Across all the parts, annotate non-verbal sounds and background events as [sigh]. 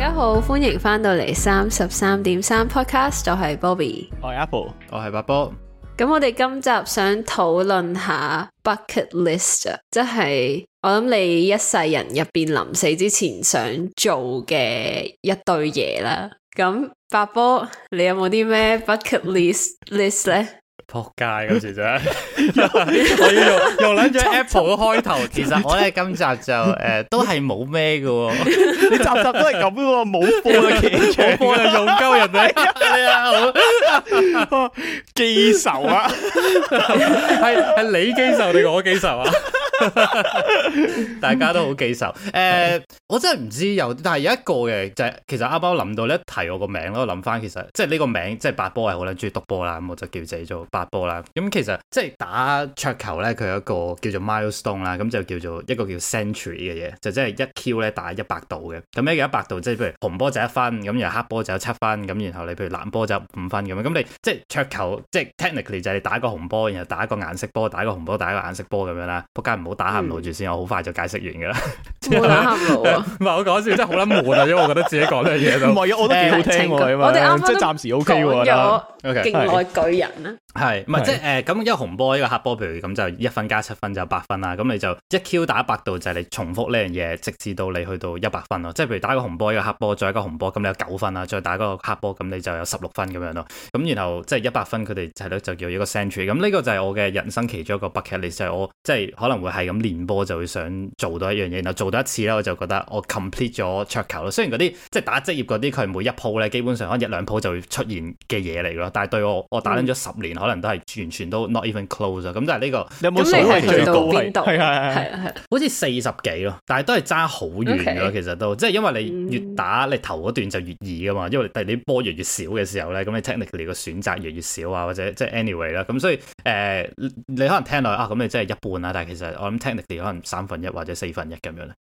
大家好，歡迎翻到嚟三十三點三 podcast，我係 Bobby，我係 Apple，我係八波。咁我哋今集想討論下 bucket list，即係我諗你一世人入邊臨死之前想做嘅一堆嘢啦。咁八波，你有冇啲咩 bucket list list 咧？ [laughs] 仆街嗰時就， [laughs] 我要用用兩張 Apple 嘅開頭。其實我咧今集就誒、呃、都係冇咩嘅，你集集都係咁嘅，冇播啊，企 [laughs] 場，播到用鳩人哋。係啊，好，記仇啊 [laughs] 係係你記仇定我記仇啊？大家都好記仇，誒，我真係唔知有，但係有一個嘅就係其實啱啱我諗到咧，提我個名我諗翻，其實即係呢個名即係八波係好咧中意篤波啦，咁我就叫自己做八波啦。咁其實即係打桌球咧，佢有一個叫做 milestone 啦，咁就叫做一個叫 century 嘅嘢，就即係一 Q 咧打一百度嘅。咁一樣一百度，即係譬如紅波就一分，咁然後黑波就有七分，咁然後你譬如藍波就有五分咁樣。咁你即係桌球即係 technically 就係你打一個紅波，然後打一個顏色波，打一個紅波，打一個顏色波咁樣啦，仆街好、嗯、打下路住先，我好快就解釋完噶啦。打下路啊，唔係 [laughs] 我講笑，真係好捻悶啊，因為、嗯、在我覺得自己講呢樣嘢都我都幾好聽。我哋啱啱都暫時 OK 喎啦。OK，勁愛巨人啊。係，唔係是是即係誒，咁、呃、一個紅波，一個黑波，譬如咁就一分加七分就八分啦。咁你就一 Q 打百度就係、你重複呢樣嘢，直至到你去到一百分咯。即係譬如打一個紅波，一個黑波，再一個紅波，咁你有九分啦。再打嗰個黑波，咁你就有十六分咁樣咯。咁然後即係一百分，佢哋就叫做一個 century。咁呢個就係我嘅人生其中一個 bucket list 我即係可能會係咁連波就會想做到一樣嘢，然後做到一次咧，我就覺得我 complete 咗桌球咯。雖然嗰啲即係打職業嗰啲，佢每一鋪咧，基本上可能一兩鋪就會出現嘅嘢嚟咯。但係對我，我打緊咗十年，可能都係完全都 not even close 咁。但係、這、呢個，你有冇、嗯、你係去到邊度？ [laughs] [laughs] 好似四十幾咯，但係都係爭好遠噶。其實都即係因為你越打，你頭嗰段就越易噶嘛。因為第啲波越越少嘅時候咧，咁你 technically 嘅選擇越越少啊，或者即係 anyway 啦。咁所以誒、呃，你可能聽落啊，咁你真係一半啦。但係其實咁 technically 可能三分一或者四分一咁樣咧，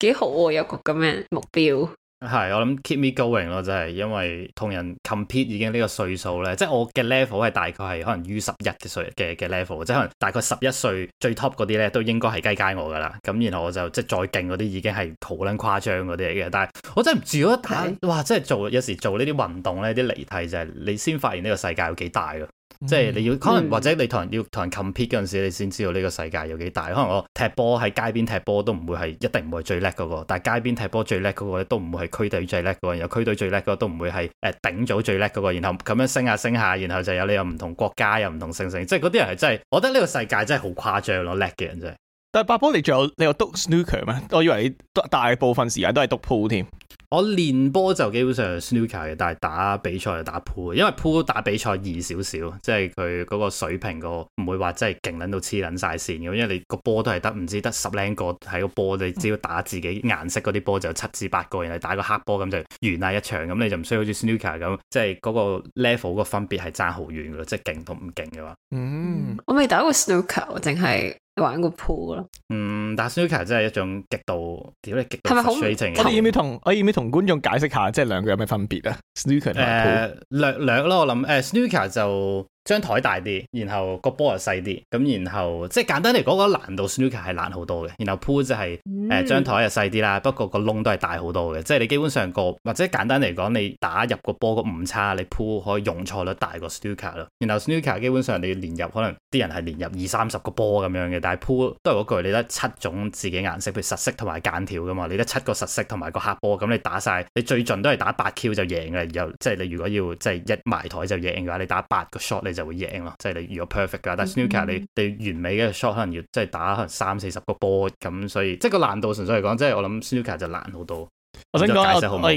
幾好喎，啊，有個咁嘅目標，係我諗 keep me going 咯，就係因為同人 compete 已經呢個歲數咧，即、就、係、是、我嘅 level 係大概係可能於十一嘅歲嘅嘅 level，即係可能大概十一歲最 top 嗰啲咧，都應該係雞雞我噶啦。咁然後我就即係、就是、再勁嗰啲已經係好撚誇張嗰啲嘅。但係我真係唔知如果哇，即、就、係、是、做有時做呢啲運動咧，啲離題就係你先發現呢個世界有幾大㗎。嗯、即係你要可能或者你同人、嗯、要同人 compete 嗰陣時，你先知道呢個世界有幾大。可能我踢波喺街邊踢波都唔會係一定唔會最叻嗰、嗰個，但係街邊踢波最叻嗰個咧都唔會係區隊最叻嗰個，又區隊最叻嗰個都唔會係誒頂組最叻嗰個，然後咁樣升下升下，然後就有你有唔同國家又唔同城城，即係嗰啲人係真係，我覺得呢個世界真係好誇張咯，叻嘅人真係。但係 Bobby 你仲有你有督 snooker 咩？我以為你大部分時間都係督 pool 添。我練波就基本上 snooker 嘅，但係打比賽就打 pool，因為 pool 打比賽易少少，即係佢嗰個水平個唔會話真係勁撚到黐撚晒線嘅，因為你個波都係得唔知得十靚個喺個波，你只要打自己顏色嗰啲波就有七至八個，然後打個黑波咁就完曬一場，咁你就唔需要好似 snooker 咁，即係嗰個 level 個分別係爭好遠嘅，即係勁同唔勁嘅話。嗯，我未打過 snooker，淨係。玩個鋪咯，嗯，但 snooker 真係一種極度屌你極度水情。我哋要唔要同我哋要唔要同觀眾解釋下，即係兩個有咩分別啊？snooker 同誒略略咯，我諗誒、呃、snooker 就。張台大啲，然後個波又細啲，咁然後即係簡單嚟講，個難度 snooker 係難好多嘅。然後 pool 就係誒張台又細啲啦，不過個窿都係大好多嘅，即係你基本上個或者簡單嚟講，你打入個波個誤差，你 pool 可以用錯率大過 snooker 咯。然後 snooker 基本上你連入可能啲人係連入二三十個波咁樣嘅，但係 pool 都係嗰句，你得七種自己顏色，譬如實色同埋間條噶嘛，你得七個實色同埋個黑波，咁你打晒你最盡都係打八 Q 就贏嘅，然後即係你如果要即係一埋台就贏嘅話，你打八個 shot 就會贏咯，即係你如果 perfect 噶，但係 Snooker、嗯、你你完美嘅 shot 可能要即係打可能三四十個波咁，所以即係個難度純粹嚟講，即係我諗 Snooker 就難好多。我想講我我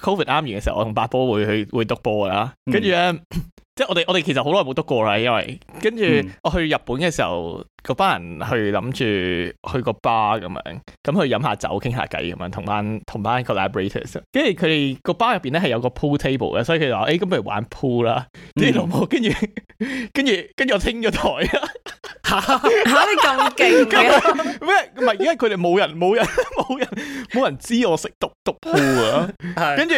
covid 啱完嘅時候，我同 Bobby 會去會督波噶啦，跟住咧，即係我哋我哋其實好耐冇督過啦，因為跟住我去日本嘅時候。嗯個班人去諗住去個 bar 咁樣，咁去飲下酒傾下偈咁樣，同班同班個 collaborators，跟住佢哋個 bar 入邊咧係有個 pool table 嘅，所以佢哋話誒，咁、欸、咪玩 pool 啦。你老母跟住跟住跟住我清咗台 [laughs] 啊！吓吓你咁勁咩？唔係因為佢哋冇人冇人冇人冇人知我識篤篤 pool 啊！係跟住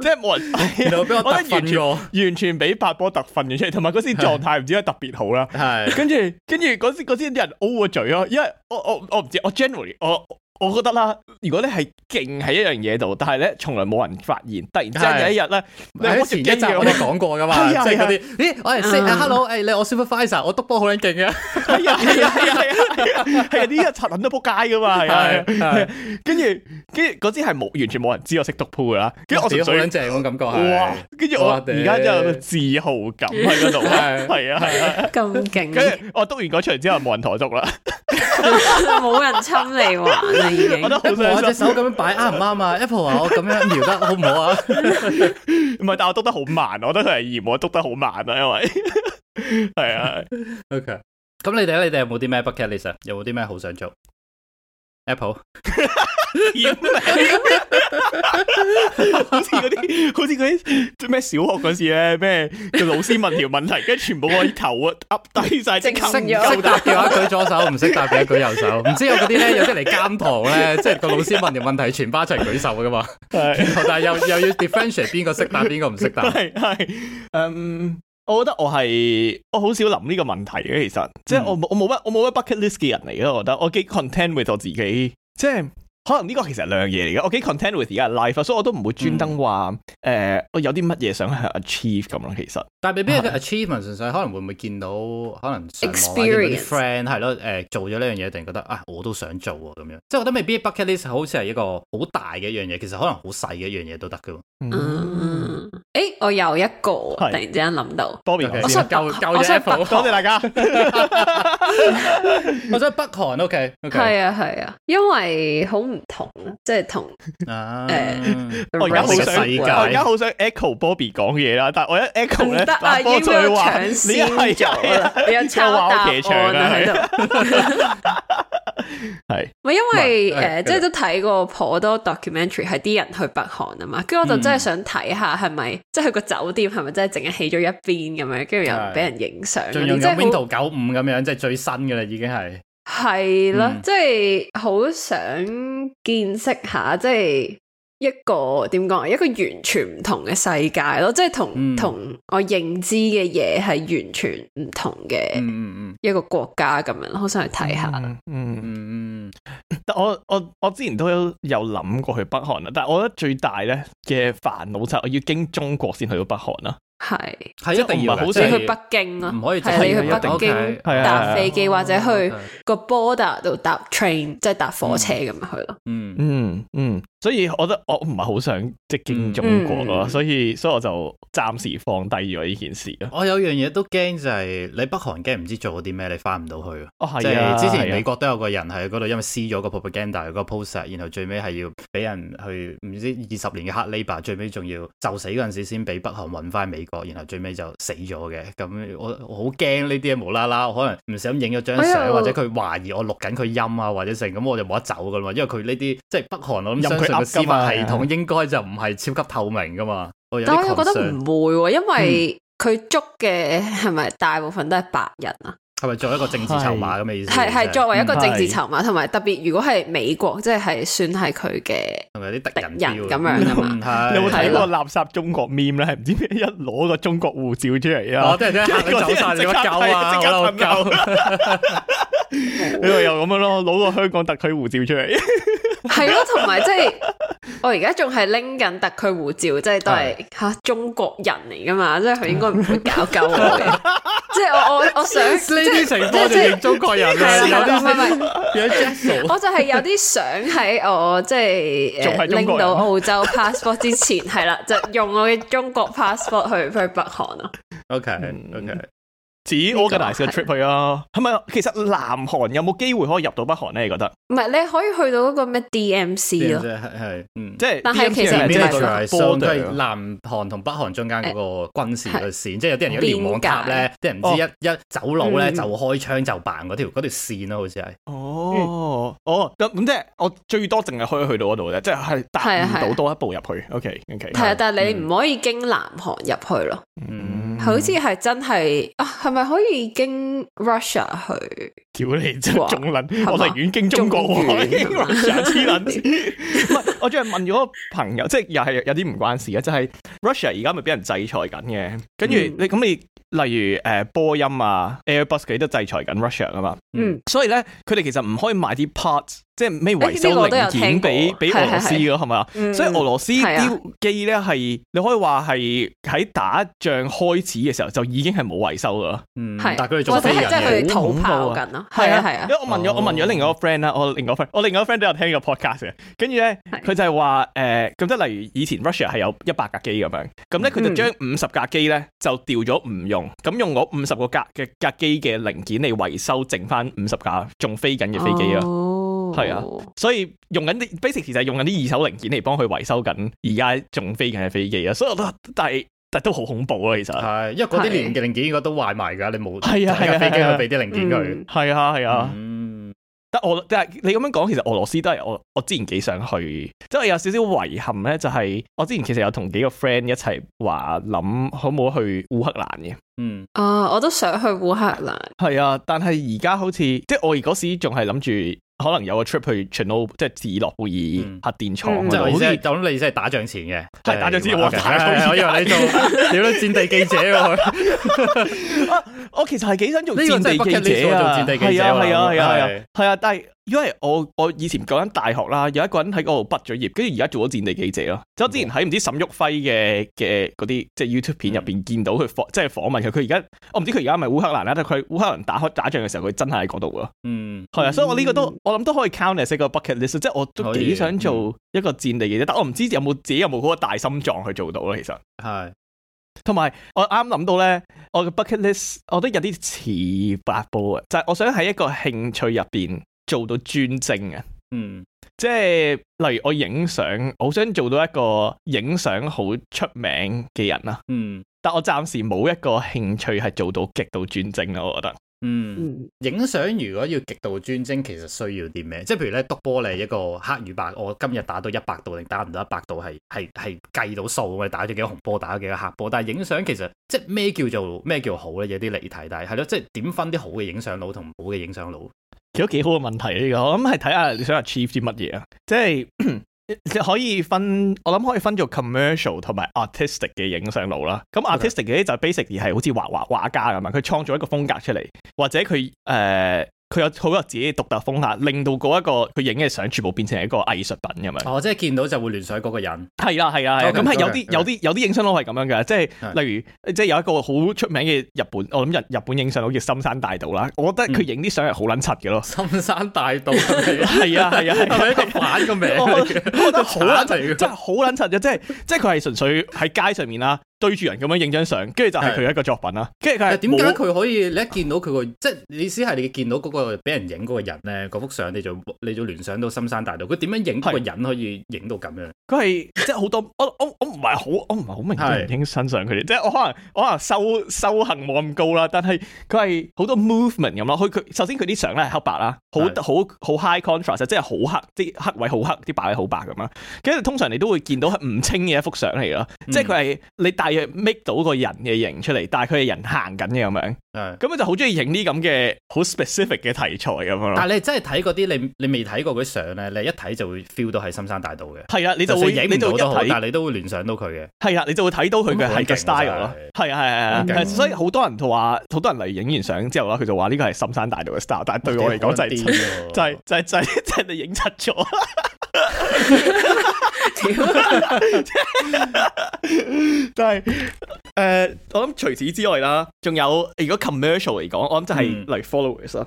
即係冇人，俾你、哎、呀我，我完全俾八波特訓完出嚟，同埋嗰時狀態唔知得特別好啦。係跟住跟住時。嗰啲人 O 嘴啊，因為我我我唔知，我 generally 我。我覺得啦，如果你係勁喺一樣嘢度，但係咧從來冇人發現，突然之間有一日咧，喺是前一集我哋講過噶嘛，即係嗰啲咦，我係 say、嗯、hello，誒你我 supervisor，我督波好撚勁嘅，係啊係啊係啊係啊，係啲人柒撚都仆街噶嘛，係啊係，跟住跟住嗰啲係冇完全冇人知我識督波噶啦，跟住我最撚正嗰感覺係，跟住我而家有個自豪感喺嗰度，係啊，咁勁， [laughs] 我督完嗰場之後冇人台足啦，冇 [laughs] 人侵你玩、啊。 [noise] 我得好唔好隻手咁樣擺啱唔啱啊？Apple 話我咁樣搖得好唔好啊？唔 [laughs] 係，但我督得好慢，我覺得佢係嫌我督得好慢啊！因為係 [laughs] 啊，OK。咁你哋，你哋有冇啲咩 bucket list？有冇啲咩好想做？Apple。 [laughs] 簡 [laughs] 好似嗰啲，好似啲，即咩小學嗰時咧，咩個老師問條問題式可可，跟住全部愛頭啊，噏低晒即刻識唔識答嘅話舉左手，唔識答嘅舉右手。唔 [laughs] 知有嗰啲咧，有啲嚟監堂咧，即係個老師問條問題，全班一齊舉手噶嘛。 [laughs] 是的 但係又又要 differentiate 邊個識答邊個唔識答。係係，嗯，我覺得我係我好少諗呢個問題嘅，其實即係我我冇乜我冇乜 bucket list 嘅人嚟咯。我覺得我幾 content with 我自己，即係。可能呢個其實係兩樣嘢嚟嘅，我幾 content with 而家 life 所以我都唔會專登話誒，我有啲乜嘢想去 achieve 咁樣，其實。但係未必嘅 achievement 純粹是可能會唔會見到，可能上網 Experience. 見到啲 friend 係咯，誒、呃、做咗呢樣嘢，突然覺得啊，我都想做啊咁樣。即係我覺得未必 bucket list 好似係一個好大嘅一樣嘢，其實可能好細嘅一樣嘢都得噶。嗯誒，我又一個突然之間諗到，Bobby 我想救救隻 Apple 多謝大家。我想北韓，OK，係啊係啊，因為好唔同，即係同誒，我而家好想，我而家好想 Echo Bobby 講嘢啦，但係我一 Echo 咧，阿英又搶先有，唱。抄答案，係。唔係因為誒，即係都睇過頗多 documentary，係啲人去北韓啊嘛，跟住我就真係想睇下係咪。即係個酒店係咪真係淨係起咗一邊咁樣，跟住又俾人影相，仲用緊 Window 九五咁樣，即係最新嘅啦，已經係係啦，的嗯、即係好想見識下，即係一個點講，一個完全唔同嘅世界咯，即係同同、嗯、我認知嘅嘢係完全唔同嘅一個國家咁、嗯、樣，好想去睇下。嗯嗯嗯嗯我我我之前都有有諗過去北韓啊，但係我覺得最大咧嘅煩惱就係我要經中國先去到北韓啦、啊，係係一定要先去北京咯、啊，唔可以去，你去北京 okay, 搭飛機 okay, 或者去個 border 度搭 train okay. 即係搭火車咁樣去咯、嗯，嗯嗯嗯。所以我覺得我唔係好想，即係驚中國咯，所以所以我就暫時放低咗呢件事咯。我有樣嘢都驚，就係你北韓驚唔知做咗啲咩，你翻唔到去。哦係啊，之前美國都有個人喺嗰度，因為撕咗個 propaganda 個 poster，然後最尾係要俾人去唔知二十年嘅 hard labor，最尾仲要就死嗰陣時先俾北韓搵翻美國，然後最尾就死咗嘅。咁我好驚呢啲嘢無啦啦，可能唔小心影咗張相，或者佢懷疑我錄緊佢音啊，或者成咁我就冇得走噶啦嘛，因為佢呢啲即係北韓我諗個司法系統應該就唔係超級透明噶嘛，但我又覺得唔會，啊，因為佢捉嘅係咪大部分都係白人啊？係咪作為一個政治籌碼咁嘅意思，啊？係係作為一個政治籌碼，同埋特別如果係美國，即係係算係佢嘅，同埋啲敵人咁樣。你有冇睇過垃圾中國面咧的？係唔知咩？一攞個中國護照出嚟啊！即係即係你走晒嚟救啊！即刻救！呢個 [laughs] [laughs] 又咁樣咯，攞個香港特區護照出嚟。係咯，同埋即係我而家仲係拎緊特區護照，即係都係吓、 [laughs] 啊、中國人嚟噶嘛，即係佢應該唔會搞搞我， [laughs] [laughs] 我。嘅。即係我我我想呢啲 [laughs] 情況我哋中國人噶，有唔係唔係。 [laughs] 我就係有啲想喺我即係誒拎到澳洲 passport 之前，係啦，就是，用我嘅中國 passport 去去北韓咯。 [laughs] OK OK。我嘅大小 trip 去啊，係咪？其實南韓有冇機會可以入到北韓咧？你覺得？唔係，你可以去到嗰個咩 DMC 咯，係係，即係。但係其實邊個係波？佢南韓同北韓中間嗰個軍事嘅線，即係有啲人如果連網塔咧，即係唔知一一走佬咧就開槍就扮嗰條嗰條線咯，好似係。哦哦咁，即係我最多淨係可以去到嗰度啫，即係係達唔到多一步入去。OK OK。係啊，但係你唔可以經南韓入去咯。好似係真係啊，係咪可以經 Russia 去？屌你真仲諗，我寧願經中國去。我仲係問咗個朋友，即係又係有啲唔關事啊，就係、是、Russia 而家咪俾人制裁緊嘅。跟住你咁你，嗯、例如誒、呃、波音啊 Airbus 佢都制裁緊 Russia 噶嘛？嗯，所以咧，佢哋其實唔可以賣啲 parts。即係咩維修零件俾俾俄羅斯咯，係咪啊？所以俄羅斯啲機咧係，你可以話係喺打仗開始嘅時候就已經係冇維修噶啦。嗯，但係佢哋做飛人嘅，好恐怖啊！係啊係啊！因為我問咗我問咗另一個 friend 啦，我另一個 friend，我另一個 friend 都有聽個 podcast 嘅，跟住咧佢就係話誒咁即係例如以前 Russia 係有一百架機咁樣，咁咧佢就將五十架機咧就掉咗唔用，咁用嗰五十個架嘅架機嘅零件嚟維修，剩翻五十架仲飛緊嘅飛機咯。係啊，所以用緊啲 basic 其實用緊啲二手零件嚟幫佢維修緊，而家仲飛緊嘅飛機啊！所以我都但係但都好恐怖啊！其實係，因為嗰啲零件零件應該都壞埋噶，你冇一架，飛機去俾啲零件佢。係啊係啊，但俄但係你咁樣講，其實俄羅斯都係我我之前幾想去，即係有少少遺憾咧，就係我之前其實有同幾個 friend 一齊話諗可唔可以去烏克蘭嘅。嗯，啊，我都想去烏克蘭。係啊，但係而家好似即係我而嗰時仲係諗住。可能有個 trip 去 Channel 即係治諾貝爾核電廠，就好似咁你即係打仗前嘅，即係打仗之前嘅，係係，以為你做點樣戰地記者喎，我其實係幾想做戰地記者做啊，係啊係啊係啊係啊，係啊，但係。因為我我以前讀緊大學啦，有一個人喺嗰度畢咗業，跟住而家做咗戰地記者咯、嗯。即係之前喺唔知沈旭輝嘅嘅嗰啲即係 YouTube 片入邊見到佢訪，即係訪問佢。佢而家我唔知佢而家係咪烏克蘭咧，但係佢烏克蘭打開打仗嘅時候，佢真係喺嗰度噶。嗯，係啊，所以我呢個都、嗯、我諗都可以 count 喺呢個 bucket list，即係我都幾想做一個戰地記者，嗯、但我唔知有冇自己有冇嗰個大心臟去做到咯。其實係，同埋是我啱諗到咧，我嘅 bucket list 我都有啲詞發波啊，就係、是、我想喺一個興趣入邊。做到專精啊！嗯，即係例如我影相，我想做到一個影相好出名嘅人啦。嗯，但我暫時冇一個興趣係做到極度專精咯。我覺得，嗯，影相如果要極度專精，其實需要啲咩？即係譬如咧，督波你一個黑與白，我今日打到一百度定打唔到一百度係係係計到數，我哋打咗幾多紅波，打咗幾多黑波。但係影相其實即係咩叫做咩叫做好咧？有啲離題，但係係咯，即係點分啲好嘅影相佬同唔好嘅影相佬？其實幾好嘅問題呢、啊這個，我諗係睇下你想 achieve 啲乜嘢啊，即係你 [coughs] 可以分，我諗可以分做 commercial 同埋 artistic 嘅影像路啦。咁 artistic 嘅啲 Okay. 就 basically 係好似畫畫畫家咁啊，佢創造一個風格出嚟，或者佢誒。呃佢有好有自己獨特風格，令到嗰一個佢影嘅相全部變成一個藝術品咁樣。哦，即係見到就會聯想嗰個人。係啦係啦，咁係有啲有啲有啲影相佬係咁樣嘅，即係例如即係有一個好出名嘅日本，我諗日日本影相好似森山大道啦。我覺得佢影啲相係好撚柒嘅咯。森山大道係啊係啊係一個反個名嘅，我覺得好撚柒，真係好撚柒嘅，即係即係佢係純粹喺街上面啦。對住人咁樣影張相，跟住就係佢一個作品啦。跟住佢係點解佢可以？你一見到佢、啊、個，即係意思係你見到嗰個俾人影嗰個人咧，嗰幅相你就你就聯想到森山大道。佢點樣影嗰個人可以影到咁樣？佢係即係好多，我我我唔係好，我唔係好明影身上佢哋即係我可能我可能修修行冇咁高啦，但係佢係好多 movement 咁咯。佢佢首先佢啲相咧係黑白啦，是好好好 high contrast，即係好黑，啲黑位好黑，啲白位好白咁啦。跟住通常你都會見到唔清嘅一幅相嚟咯，嗯、即係佢係你 make 到個人嘅形出嚟，但係佢係人行緊嘅咁樣，咁佢就好中意影呢咁嘅好 specific 嘅題材咁咯。但係你真係睇嗰啲你你未睇過嘅相咧，你一睇就會 feel 到係森山大道嘅。係啊，你就會影你就一睇，但係你都會聯想到佢嘅。係啊，你，你，你就會睇到佢嘅係嘅 style 咯。係啊，係啊，係啊，所以好多人話，好多人嚟影完相之後啦，佢就話呢個係森山大道嘅 style，但係對，sty 對我嚟講就係、是喔、 [laughs] 就係、是、就係、是、就係即係影錯咗。 [laughs] 但係誒，uh，我諗除此之外啦，仲有如果 commercial 嚟講，我諗就係嚟 followers 啦，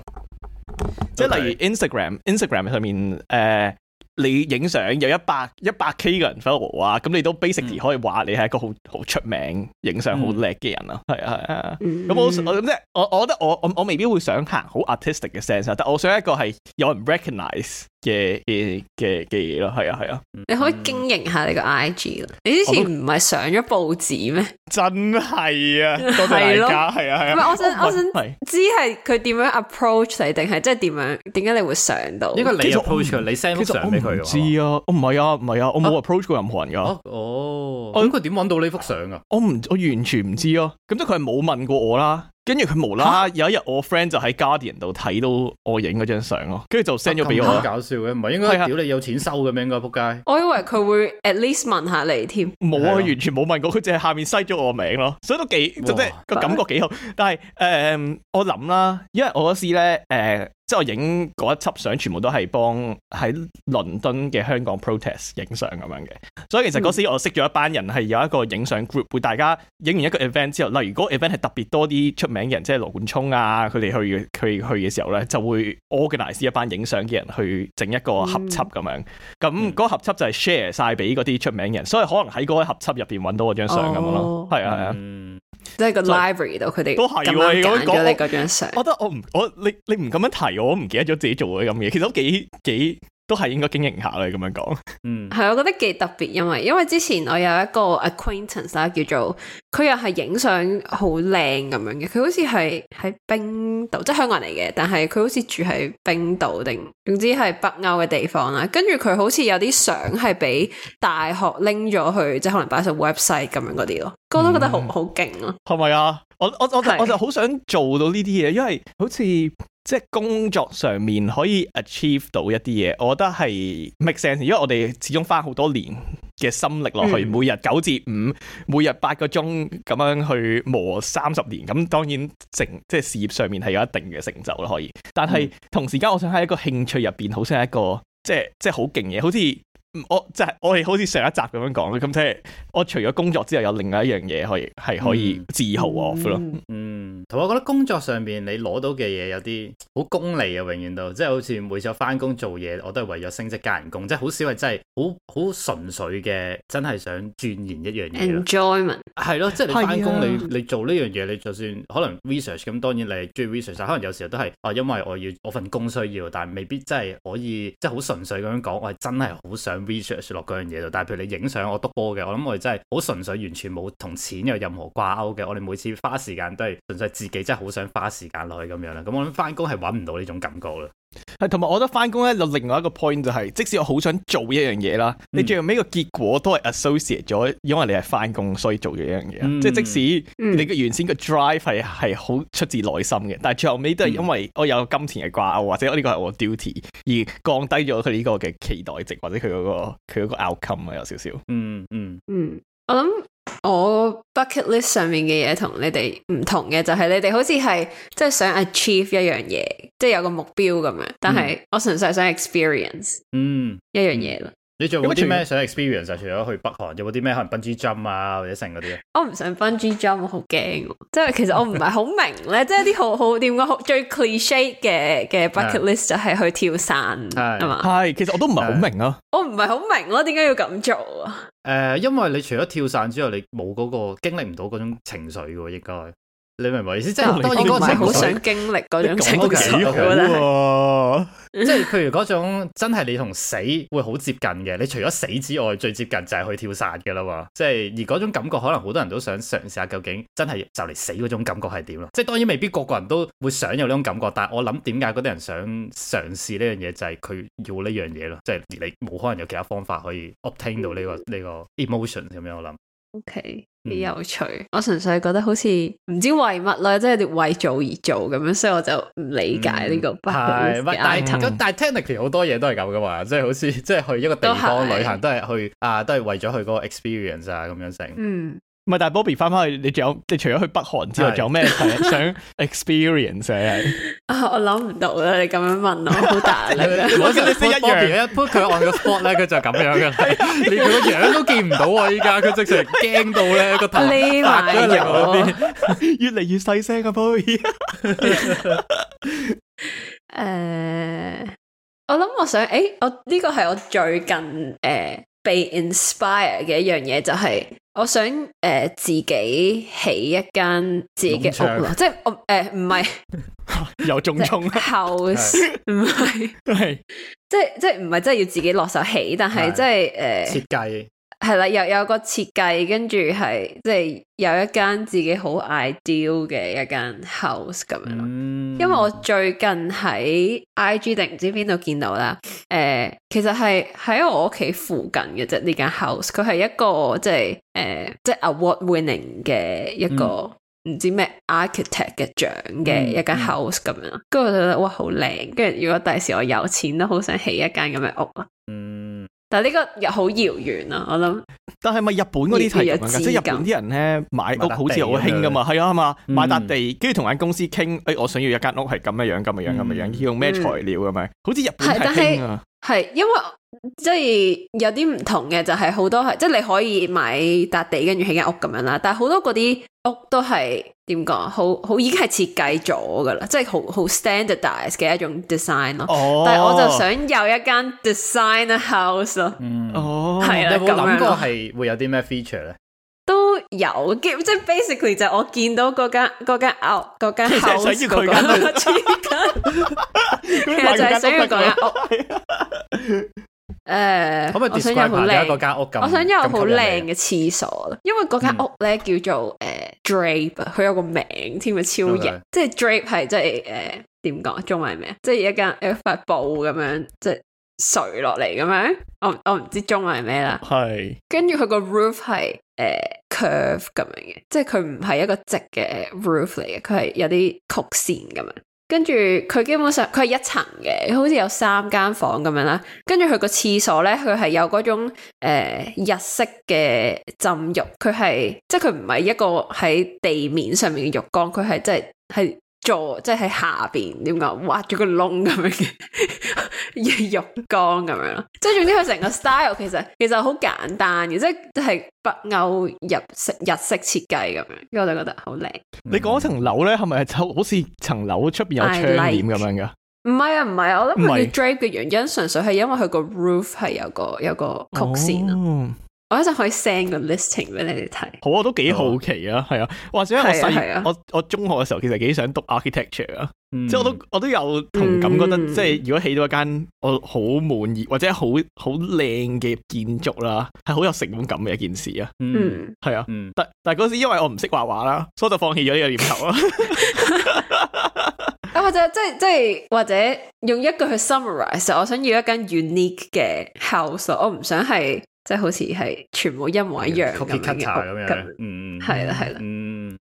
即係例如、嗯、如 Instagram，Instagram Okay. 上面誒，uh，你影相有一百一百 K 嘅人 follow 啊，咁你都 basically 可以話你係一個好好、嗯、出名影相好叻嘅人、嗯、啊，係啊係啊，咁我、嗯、我咁即係我我覺得我我我未必會想行好 artistic 嘅 sense，但我想一個係有人 recognize。嘅嘅嘅嘅嘢咯，係啊係啊，你可以經營下你個 IG。你之前唔係上咗報紙咩？真係啊，係咯，係啊係啊。唔係，我想我，不我想知係佢點樣 approach 你，定係即係點樣？點解你會上到？呢個你 approach 你 send 幅相俾佢。唔知啊，我唔不係啊，唔係啊，啊啊我冇 approach 過任何人噶。哦，我咁佢點揾到呢幅相啊？Oh, 我唔我，我完全唔知啊。咁即係佢係冇問過我啦。跟住佢無啦，啦、啊、有一日我 friend 就喺 Guardian 度睇到我影嗰張相咯，跟住就 send 咗俾我。好搞笑嘅，唔、啊、係應該屌你有錢收嘅咩？應該仆街。我以為佢會 at least 問下你添。冇啊，完全冇問過，佢淨係下面篩咗我個名咯，所以都幾即係個感覺幾好。哇但係誒、呃，我諗啦，因為我嗰時咧誒。呃即係我影嗰一輯相，全部都係幫喺倫敦嘅香港 protest 影相咁樣嘅，所以其實嗰時我識咗一班人，係有一個影相 group，會大家影完一個 event 之後，例如嗰個 event 係特別多啲出名嘅人，即係羅冠聰啊，佢哋去去去嘅時候咧，就會 organize 一班影相嘅人去整一個合輯咁樣，咁嗰、嗯、合輯就係 share 晒俾嗰啲出名人，所以可能喺嗰個合輯入邊揾到我張相咁樣咯，係、哦、啊。嗯即係個 library 度，佢哋都係咁樣講你張相，我覺得我唔我你你唔咁樣提，我唔記得咗自己做嘅咁嘢。其實都幾幾。都係應該經營下，你咁樣講。嗯，係，我覺得幾特別，因為因為之前我有一個 acquaintance 啦，叫做佢又係影相好靚咁樣嘅，佢好似係喺冰島，即係香港人嚟嘅，但係佢好似住喺冰島定總之係北歐嘅地方啦。跟住佢好似有啲相係俾大學拎咗去，即係可能擺上 website 咁樣嗰啲咯。我都覺得好好勁咯，係咪、嗯、啊？我我我我就好是想做到呢啲嘢，因為好似。即係工作上面可以 achieve 到一啲嘢，我覺得係 make sense，因為我哋始終花好多年嘅心力落去，嗯、每日九至五，每日八個鐘咁樣去磨三十年，咁當然成即係事業上面係有一定嘅成就咯，可以。但係同時間，我想喺一個興趣入邊，好似係一個即係即係好勁嘢，好似。我即係我係好似上一集咁樣講啦，咁即係我除咗工作之後有另外一樣嘢可以係可以自豪咯。嗯，同埋我覺得工作上面你攞到嘅嘢有啲好功利啊，永遠都即係好似每次我翻工做嘢我都係為咗升職加人工，即係好少係真係好好純粹嘅，真係想鑽研一樣嘢。enjoyment 係咯，即係你翻工你的你做呢樣嘢，你就算可能 research 咁，當然你係中意 research，但係可能有時候都係啊，因為我要我份工需要，但係未必真係可以即係好純粹咁樣講，我係真係好想。research 落嗰樣嘢度，但係譬如你影相，我督波嘅，我諗我哋真係好純粹，完全冇同錢有任何掛鈎嘅。我哋每次花時間都係純粹自己，真係好想花時間落去咁樣啦。咁我諗返工係揾唔到呢種感覺啦。係，同埋我覺得翻工咧就另外一個 point 就係，即使我好想做一樣嘢啦，嗯、你最後尾個結果都係 associate 咗，因為你係翻工所以做咗一樣嘢，嗯、即係即使你嘅原先個 drive 係係好出自內心嘅，但係最後尾都係因為我有金錢嘅掛鈎，嗯、或者呢個係我 duty 而降低咗佢呢個嘅期待值，或者佢嗰、嗰個佢個 outcome 啊有少少。嗯嗯嗯，嗯我諗。我 bucket list 上面嘅嘢同你哋唔同嘅，就係、是、你哋好似係即係想 achieve 一樣嘢，即、就、係、是、有個目標咁樣。但係我純粹係想 experience 嗯、mm. 一樣嘢啦。你仲有啲咩想 experience 啊？除咗去北韓，有冇啲咩可能 bungee jump 啊或者剩嗰啲啊？我唔想 bungee jump，我好驚。即係 [laughs] 其實我唔係好明咧，即係啲好好點解，最 cliche 嘅嘅 bucket list 就係去跳傘係嘛？係是吧其實我都唔係好明啊。是我唔係好明咯、啊，點解要咁做啊？誒、呃，因為你除咗跳傘之外，你冇嗰、那個經歷唔到嗰種情緒嘅、啊、應該。你明唔明意思？即係當然，我唔係好想經歷嗰種程度。即係譬如嗰種真係你同死會好接近嘅。你除咗死之外，最接近就係去跳傘嘅啦。即係而嗰種感覺，可能好多人都想嘗試下究竟真係就嚟死嗰種感覺係點咯。即係當然未必個個人都會想有呢種感覺，但係我諗點解嗰啲人想嘗試呢樣嘢，就係、是，佢要呢樣嘢咯。即係你冇可能有其他方法可以 obtain 到呢，這個呢個 emotion 咁樣。我諗、嗯。 [noise] O K，幾有趣。嗯、我純粹係覺得好似唔知為乜啦，即、就、係、是、為做而做咁樣，所以我就唔理解呢個、嗯。係，但係但係，technically、就是、好多嘢都係咁噶嘛，即係好似即係去一個地方旅行都係是去啊，都係為咗去嗰個 experience 啊，咁樣成。嗯。唔係，但係 Bobby 翻翻去，你仲有，你除咗去北韓之外，仲有咩想 experience 啊？我諗唔到啊。你咁樣問我，好難啦。我先你先，Bobby 一般佢按個 spot 咧，佢就咁樣嘅，連佢個樣都見唔到越越啊！依家佢直情驚到咧，個頭白咗嚟，我邊越嚟越細聲啊！Bobby，誒，我諗我想，誒，誒我呢個係我最近誒、呃、被 inspire 嘅一樣嘢，就係、是。我想誒、呃，自己起一間自己嘅屋咯長、呃， [laughs] 即係誒，唔係有中冲 house 唔係，即係即係唔係，真係要自己落手起，但係即係誒。設、呃、計。係啦，又有個設計，跟住係即係有一間自己好 ideal 嘅一間 house 咁樣咯。嗯、因為我最近喺 IG 定唔知邊度見到啦，誒、呃，其實係喺我屋企附近嘅啫呢間 house。佢係一個即係誒，即係、呃、award winning 嘅一個唔、嗯、知咩 architect 嘅獎嘅一間 house 咁樣。跟住、嗯嗯、我就覺得哇好靚，跟住如果第時我有錢都好想起一間咁嘅屋啊。嗯但係呢個又好遙遠啊，我諗。但係咪日本嗰啲係啊？即係日本啲人咧買屋好似好興噶嘛？係啊，係嘛，買笪地，跟住同間公司傾，誒、嗯欸，我想要一間屋係咁樣樣，咁樣、嗯、樣，咁樣樣，要用咩材料咁啊？嗯、好似日本係興，但係係、啊、因為。即係有啲唔同嘅，就係、是、好多係，即係你可以買笪地跟住起間屋咁樣啦。但係好多嗰啲屋都係點講，好好已經係設計咗噶啦，即係好好 standardize 嘅一種 design 咯、哦。但係我就想有一間 designer house 咯、嗯。哦，係啊，咁樣。有冇諗過係會有啲咩 feature 咧？都有，即係 basically 就係我見到嗰間嗰間屋嗰間屋想要佢間屋， [laughs] 其實就係想要嗰間屋。 [laughs] [laughs] [laughs] [laughs] 誒，可唔可以？我想有好靚間屋，我想有好靚嘅廁所啦，因為嗰間屋咧、嗯、叫做誒、uh, drape，佢有個名添，超型。Okay. 即係 drape 係即係誒，點、uh, 講？中文係咩啊？即係一間一塊布咁樣，即係垂落嚟咁樣。我我唔知中文係咩啦。係是。跟住佢個 roof 係誒 curve 咁樣嘅，即係佢唔係一個直嘅 roof 嚟嘅，佢係有啲曲線咁樣。跟住佢基本上佢係一層嘅，好似有三間房咁樣啦。跟住佢個廁所咧，佢係有嗰種誒、呃、日式嘅浸浴，佢係即係佢唔係一個喺地面上面嘅浴缸，佢係即係係坐即係喺下邊點講，挖咗個窿咁樣嘅。 [laughs] 浴缸咁樣咯，即係總之佢成個 style 其實其實好簡單嘅，即係北歐日式日式設計咁樣，我就覺得好靚。你講層樓咧，係咪係就好似層樓出邊有窗簾咁樣噶？唔係 I like. 啊，唔係，啊，我諗佢哋 drape 嘅原因，純粹係因為佢個 roof 係有個有個曲線啊。Oh. 我一陣可以 send 個 listing 俾你哋睇。好啊，我都幾好奇吧啊，係啊。或者、啊、我細我我中學嘅時候其實幾想讀 architecture 啊，即係、嗯、我都我都有同感，覺得、嗯、即係如果起到一間我好滿意或者好好靚嘅建築啦，係好有成就感嘅一件事、嗯、啊。嗯，係啊。但但嗰時因為我唔識畫畫啦，所以我就放棄咗呢個念頭啊。咁或者即係即係或者用一句去 summarize，我想要一間 unique 嘅 house，我唔想係。即係好似係全部一模一樣咁嘅嘢，咁樣， [noise] 嗯，係啦，係啦，嗯，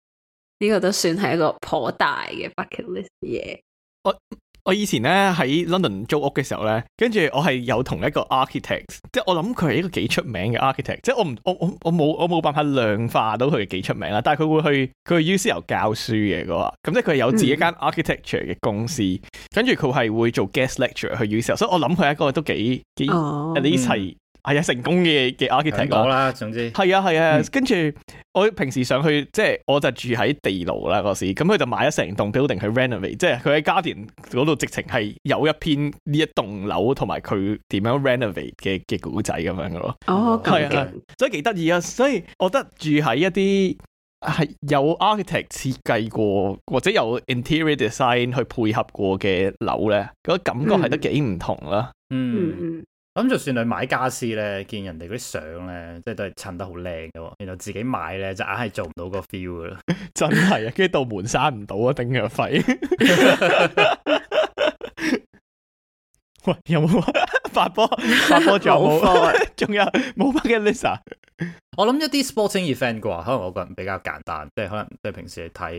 呢個都算係一個頗大嘅 bucket list 嘢。我我以前咧喺 London 租屋嘅時候咧，跟住我係有同一個 architect，即係我諗佢係一個幾出名嘅 architect，即係我唔我我我冇我冇辦法量化到佢幾出名啦。但係佢會去佢去 UCL 教書嘅，佢話咁即係佢有自己一間 architecture 嘅公司，跟住佢係會做 guest lecturer 去 UCL，所以我諗佢係一個都幾幾 at least 係。係啊，成功嘅嘅 architect 講啦，總之係啊係啊，嗯、跟住我平時上去，即係我就住喺地牢啦嗰時，咁佢就買咗成棟 building 去 renovate，即係佢喺 Guardian 嗰度直情係有一篇呢一棟樓同埋佢點樣 renovate 嘅嘅古仔咁樣嘅咯。哦，係啊，所以幾得意啊，所以我覺得住喺一啲係有 architect 設計過或者有 interior design 去配合過嘅樓咧，嗰、嗰個感覺係得幾唔同啦。嗯。嗯咁就算你買家私，咧，見人哋啲相咧，即係都係襯得好靚嘅，然後自己買咧就硬係做唔到個 feel 㗎啦。 [laughs] 真係啊，跟住度門閂唔到啊，丁藥費。 [laughs] [laughs] [laughs] 喂，有冇？ [laughs] 發波發波仲有好，仲 [laughs] 球 [laughs] 有冇發嘅 list？我諗一啲 sporting event 啩，可能我覺得比較簡單，即係可能即係平時睇，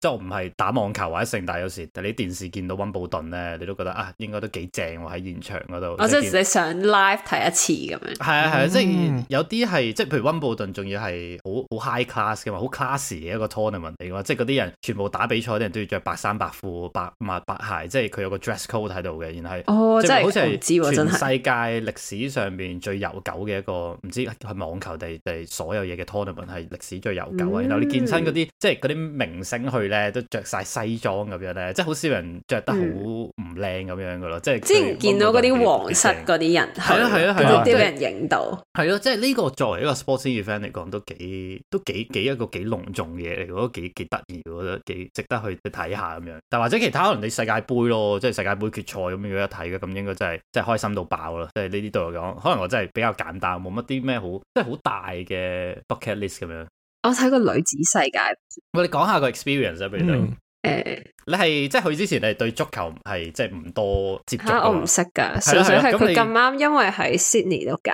即係我唔係打網球或者盛大係有，有時你電視見到溫布頓咧，你都覺得啊，應該都幾正喎！喺現場嗰度，即係、哦、你想 live 睇一次咁樣，係啊係啊，啊嗯、即係有啲係即係，譬如溫布頓仲要係好好 high class 嘅嘛，好 class 嘅一個 tournament 嚟嘅嘛，即係嗰啲人全部打比賽嗰啲人都要着白衫白褲白襪白鞋，即係佢有個 dress code 喺度嘅，然後係哦，即係、哦、即 好似係。全 真世界歷史上面最悠久嘅一個唔知係網球定係所有嘢嘅 tournament 係歷史最悠久啊！然後你見親嗰啲即係嗰啲明星去咧，都着晒西裝咁樣咧，即係好少人着得好唔靚咁樣噶咯，mm. 即係之前見到嗰啲皇室嗰啲人係啊，係啊，係咯，啲畀人影到係咯，即係呢個作為一個 sports event 嚟講都幾都幾幾一個幾隆重嘅嘢嚟，我覺得幾得意，我覺得幾值得去睇下咁樣。但或者其他可能你世界盃咯，即係世界盃決賽咁樣一睇嘅，咁應該真係真係開心到～爆啦！即係呢啲對我講，可能我真係比較簡單，冇乜啲咩好，即係好大嘅 bucket list 咁樣。我睇個女子世界，我哋講下個 experience 啊，譬、嗯、你，誒，你係即係去之前，你對足球係即係唔多接觸、啊、我唔識噶，純粹係佢咁啱，因為喺 Sydney 都教。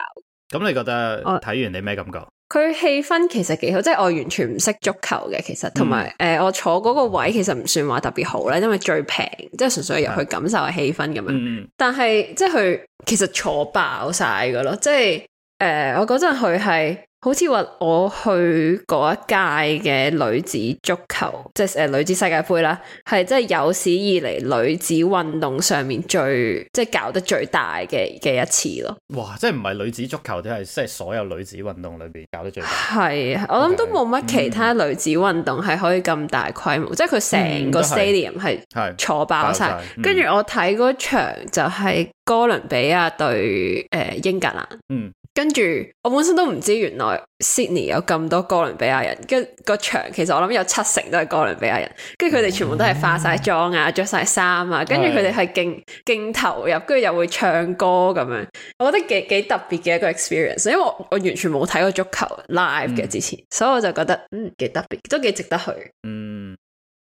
咁你，你覺得睇我完你咩感覺？佢氣氛其實幾好，即係我完全唔識足球嘅，其實同埋誒，我坐嗰個位其實唔算話特別好咧，因為最平，即係純粹入去感受氣氛咁樣。嗯嗯，但係即係佢其實坐爆晒㗎咯，即係誒、呃，我嗰陣佢係。好似話我去嗰一屆嘅女子足球，即係誒、呃、女子世界杯啦，係即係有史以嚟女子運動上面最即係搞得最大嘅嘅一次咯。哇！即係唔係女子足球，都係即係所有女子運動裏邊搞得最大。係、啊、我諗都冇乜其他女子運動係可以咁大規模，即係佢成個 stadium 係係坐爆晒。跟住我睇嗰場就係哥倫比亞對誒英格蘭。嗯。跟住我本身都唔知，原來 Sydney 有咁多哥倫比亞人，跟個場其實我諗有七成都係哥倫比亞人，跟住佢哋全部都係化晒妝啊，着晒衫啊，跟住佢哋係勁勁投入，跟住又會唱歌咁樣，我覺得幾幾特別嘅一個 experience，因為我我完全冇睇過足球 live 嘅之前， [noise] 所以我就覺得嗯幾特別，都幾值得去。嗯。 [noise]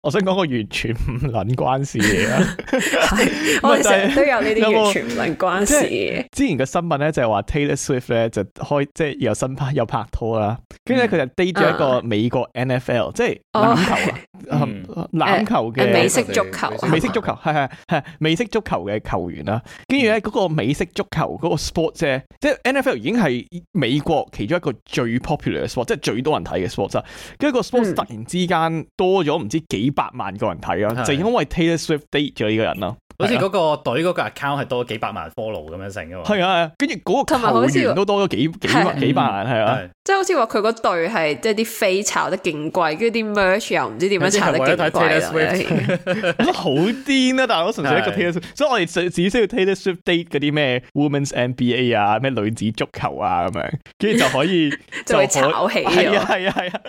我想講個完全唔撚關事嘅嘢啦，係我成日都有呢啲完全唔撚關事嘅。之前嘅新聞咧就係話 Taylor Swift 咧就開即係有新拍有拍拖啦，跟住咧佢就 date 咗一個美國 NFL 即係籃球啊，籃球嘅美式足球，美式足球係係係美式足球嘅球員啦。跟住咧嗰個美式足球嗰個 sport 啫，即係 NFL 已經係美國其中一個最 popular 嘅 sport，即係最多人睇嘅 sport 啦。跟住個 sport 突然之間多咗唔知幾。百萬個人睇啊，就因為 Taylor Swift date 咗呢個人啦。好似嗰個隊嗰個 account 係多咗幾百萬 follow 咁樣成噶嘛。係啊，跟住嗰個好似都多咗幾幾百萬。係啊。即係好似話佢嗰隊係即係啲飛炒得勁貴，跟住啲 merch 又唔知點樣炒得勁貴啦。都好癲啦，但係我純粹一個 Taylor Swift。所以我哋只需要 Taylor Swift date 嗰啲咩 Women's NBA 啊，咩女子足球啊咁樣，跟住就可以就炒起啊，係啊，係啊。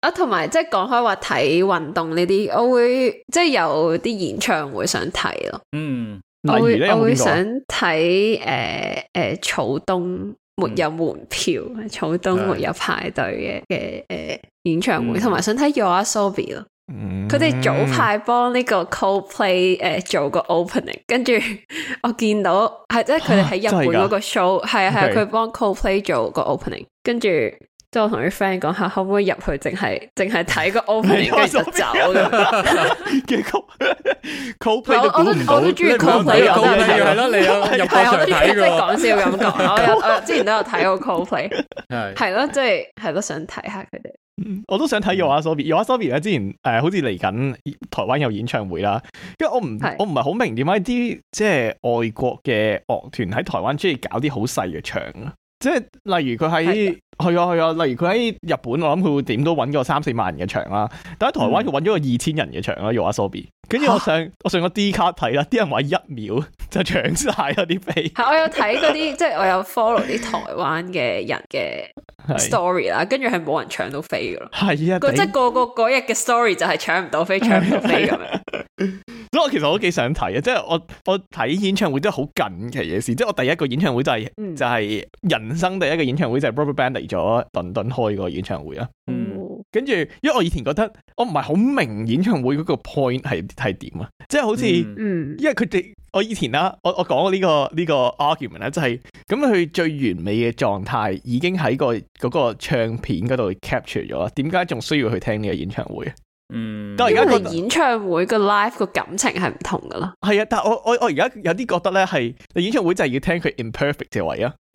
啊，同埋即係講開話睇運動呢啲，我會即係、就是、有啲演唱會想睇咯。嗯，例如我，會呢我會想睇誒誒草東沒有門票，嗯、草東沒有排隊嘅嘅誒演唱會，同埋、嗯、想睇 YOASOBI 咯、嗯。佢哋早排幫呢個 Coldplay 誒做個 opening，跟住我見到係即係佢哋喺日本嗰個 show，係啊，係啊，佢幫 Coldplay 做個 opening，跟住。即我同啲 friend 講下可唔可以入去，淨係淨係睇個 opening，跟住走。嘅 Coldplay 我都我都中意 Coldplay 我都你咯，入廣睇嘅。即係講笑咁講，我我之前都有睇過 Coldplay 係咯，即係係咯，想睇下佢哋。我都想睇 Yoasobi Yoasobi 咧，之前誒好似嚟緊台灣有演唱會啦。因為我唔我唔係好明點解啲即係外國嘅樂團喺台灣中意搞啲好細嘅場即係例如佢喺，係啊係啊，例如佢喺日本，我諗佢會點都揾個三四萬人嘅場啦。但喺台灣佢揾咗個二千人嘅場啦。YOASOBI 跟住我上哈我上個 D 卡睇啦，啲人話一秒就搶晒咗啲飛。我有睇嗰啲， [laughs] 即係我有 follow 啲台灣嘅人嘅 story 啦， [laughs] 跟住係冇人搶到飛噶咯。係啊，即係個個嗰日嘅 story 就係搶唔到飛，搶唔到飛咁樣。 [laughs] 咁我其實我都幾想睇啊！即係我我睇演唱會都係好近期嘅事，即係我第一個演唱會就係、是、就係、是、人生第一個演唱會就係 Rubber Band 嚟咗倫敦開個演唱會啊！嗯，跟住因為我以前覺得我唔係好明演唱會嗰個 point 係係點啊！即係好似嗯，因為佢哋我以前啦，我我講呢、這個呢、這個 argument 咧、就是，就係咁佢最完美嘅狀態已經喺、那個嗰、那個、唱片嗰度 capture 咗啦，點解仲需要去聽呢個演唱會？嗯，但係而家演唱會個 live 個感情係唔同噶啦，係啊，但係我我我而家有啲覺得咧，係你演唱會就係要聽佢 imperfect 嘅位啊。就係、是、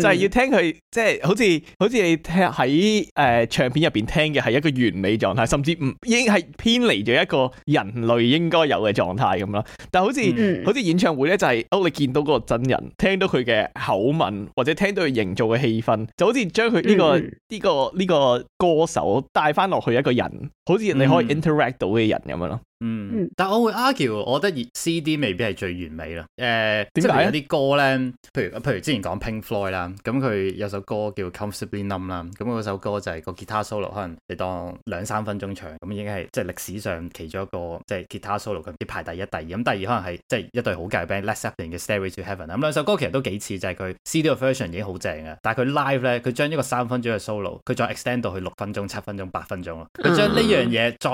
就係、是、要聽佢，即、就、係、是、好似好似你聽喺誒唱片入邊聽嘅係一個完美狀態，甚至唔已經係偏離咗一個人類應該有嘅狀態咁咯。但係好似、嗯、好似演唱會咧，就係屋你見到嗰個真人，聽到佢嘅口吻或者聽到佢營造嘅氣氛，就好似將佢呢個呢、嗯這個呢、這個歌手帶翻落去一個人，好似你可以 interact 到嘅人咁樣咯。嗯，但我會 argue，我覺得 CD 未必係最完美啦。誒、呃，即係有啲歌咧，譬如譬如之前講 Pink Floyd 啦，咁佢有首歌叫 Comfortably Numb 啦，咁嗰首歌就係個吉他 solo，可能你當兩三分鐘唱，咁已經係即係歷史上其中一個即係吉他 solo 佢排第一、第二。咁第二可能係即係一對好嘅 band，Led Zeppelin 嘅 [music] Stairway to Heaven。咁兩首歌其實都幾似，就係、是、佢 CD 嘅 version 已經好正嘅，但係佢 live 咧，佢將一個三分鐘嘅 solo，佢再 extend 到去六分鐘、七分鐘、八分鐘咯。佢將呢樣嘢再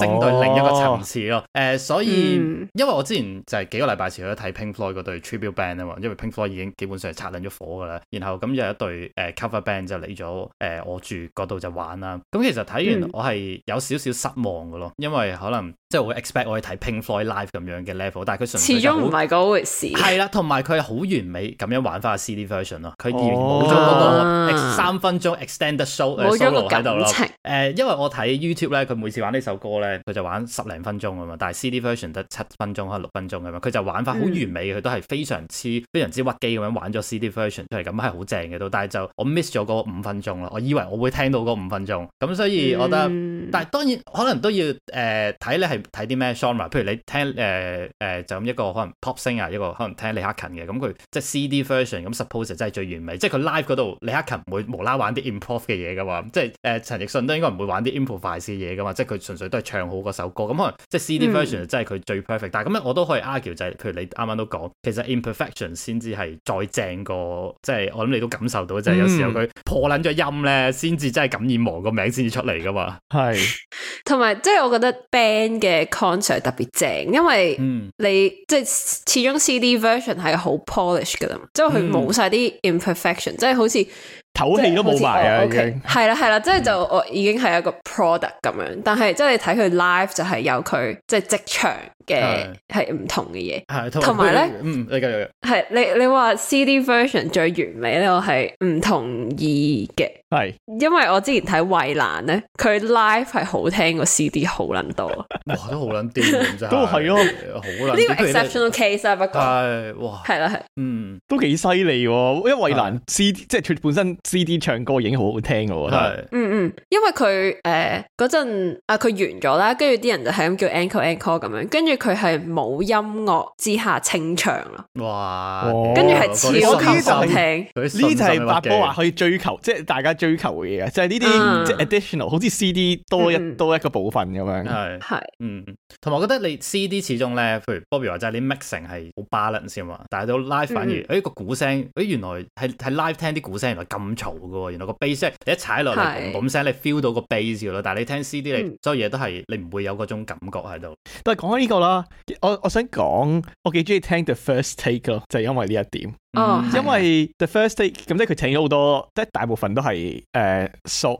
升到另一個層。 [music] [music] 是咯，誒、啊，所以、嗯、因為我之前就係幾個禮拜前去睇 Pink Floyd 嗰隊 tribute band 啊嘛，因為 Pink Floyd 已經基本上係擦亮咗火㗎啦。然後咁有一隊誒、呃、cover band 就嚟咗誒我住嗰度就玩啦。咁、嗯、其實睇完我係有少少失望㗎咯，因為可能即係我 expect 我去睇 Pink Floyd live 咁樣嘅 level，但係佢純，始終唔係嗰回事。係啦，同埋佢係好完美咁樣玩翻 CD version 咯，佢完全冇咗嗰個三分鐘 extended show，冇、哦呃、感情。因為我睇 YouTube 咧，佢每次玩呢首歌咧，佢就玩十零分分鐘啊嘛，但係 CD version 得七分鐘，可能六分鐘啊嘛，佢就玩法好完美，佢都係非常之非常之屈機咁樣玩咗 CD version 出嚟，咁係好正嘅都。但係就我 miss 咗嗰五分鐘咯，我以為我會聽到嗰五分鐘，咁所以我覺得，嗯、但係當然可能都要誒睇、呃、你係睇啲咩 genre，譬如你聽誒誒、呃呃、就咁一個可能 pop singer 啊，一個可能聽李克勤嘅，咁、嗯、佢即係 CD version，咁、嗯、suppose 真係最完美，即係佢 live 嗰度李克勤唔會無啦玩啲 improv 嘅嘢噶嘛，即係誒、呃、陳奕迅都應該唔會玩啲 improvise 嘅嘢噶嘛，即係佢純粹都係唱好嗰首歌，咁、嗯、可能。即係 CD version 真係佢最 perfect，、嗯、但係咁樣我都可以 argue 就係、是，譬如你啱啱都講，其實 imperfection 先至係再正，正過，即係我諗你都感受到，就係、嗯、有時候佢破捻咗音咧，先至真係感染忘個名先至出嚟噶嘛。係是，同埋即係我覺得 band 嘅 concert 特別正，因為你、嗯、即係始終 CD version 係好 polish 噶啦嘛，即係佢冇晒啲 imperfection，即係、嗯、好似。唞氣都冇埋啊！OK 係啦，係啦，即係就我已經係一個 product 咁樣，但係即係睇佢 live 就係有佢即係即場嘅係唔同嘅嘢。係同埋咧，嗯，嗯嗯嗯嗯，你繼續係，你你話 CD version 最完美咧，我係唔同意嘅。係，因為我之前睇衛蘭咧，佢 live 係好聽過 CD 好捻多，哇都好捻掂都係咯，好捻。呢個 exceptional case 啊，不過係哇，係啦，嗯，都幾犀利。因為衛蘭 CD 即係佢本身 CD 唱歌已經好好聽噶喎，係，嗯嗯，因為佢誒嗰陣啊，佢完咗啦，跟住啲人就係咁叫 encore encore 咁樣，跟住佢係冇音樂之下清唱啦，哇，跟住係超級好聽，呢就係 Bobby 話可以追求，即係大家追求嘅嘢啊，就係呢啲即係 additional，好似 CD 多一多一個部分咁樣。係係，嗯，同埋我覺得你 CD 始終咧，譬如 Bobby 話：「就係你 mixing 係好 balance 先喎」，但係到 live 反而，哎個鼓聲，哎原來係係 live 聽啲鼓聲原來咁嘈嘅喎，原來個 bass 你一踩落嚟咁聲，你 feel 到個 bass 嘅咯。但係你聽 CD，你所有嘢都係你唔會有嗰種感覺喺度。但係講開呢個啦，我我想講，我幾中意聽 The First Take 咯，就係因為呢一點。哦，因為 The First Take 咁即係佢請咗好多，即係大部分都係。誒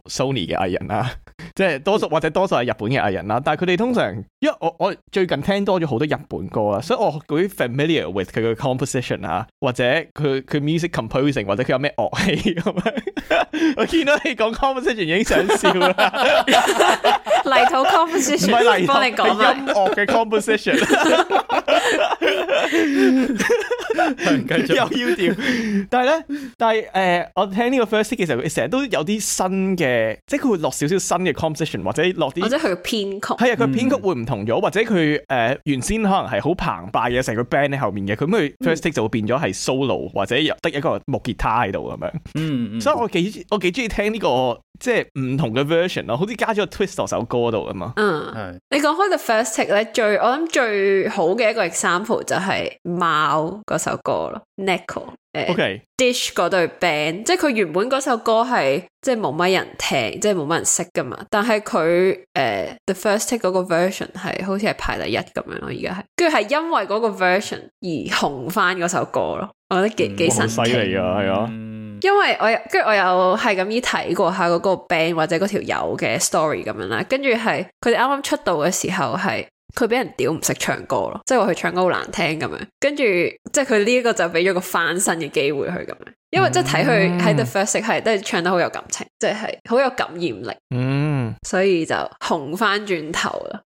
，Sony 嘅藝人啦，即係多數或者多數係日本嘅藝人啦，但係佢哋通常，因為我我最近聽多咗好多日本歌啦，所以我好啲 familiar with 佢嘅 composition 啊，或者佢佢 music composing，或者佢有咩樂器咁樣，我見到你講 composition 已經想笑啦，泥土 composition，唔係泥土，係音樂嘅 composition。繼 [laughs] 繼續 [laughs] 又要調吊 [laughs] 但係咧，但係誒，我聽呢個 first take 嘅時候，佢成日都有啲新嘅，即係佢會落少少新嘅 composition，或者落啲或者佢嘅編曲，係啊、嗯，佢編曲會唔同咗，或者佢誒、呃、原先可能係好澎湃嘅成個 band 喺後面嘅，佢咁佢 first take 就會變咗係 solo，或者得一個木吉他喺度咁樣，嗯，嗯， [laughs] 嗯，所以我幾我幾中意聽呢、這個。即係唔同嘅 version 咯，好似加咗個 twist 到首歌度啊嘛。嗯，係。你講開 The First Take 咧，最我諗最好嘅一個 example 就係貓嗰首歌咯，Nico 誒 ok Dish 嗰對 band，即係佢原本嗰首歌係即係冇乜人聽，即係冇乜人識噶嘛。但係佢誒 The First Take 嗰個 version 係好似係排第一咁樣咯，而家係，跟住係因為嗰個 version 而紅翻嗰首歌咯。我覺得幾幾神犀利啊，係啊、嗯。嗯因為我又跟住我又係咁意睇過下嗰個 band 或者嗰條友嘅 story 咁樣啦，跟住係佢哋啱啱出道嘅時候係佢俾人屌唔識唱歌咯，即係話佢唱歌好難聽咁樣，跟住即係佢呢一個就俾咗個翻身嘅機會佢咁樣，因為即係睇佢喺 the first 係都係唱得好有感情，即係好有感染力，嗯，所以就紅翻轉頭啦。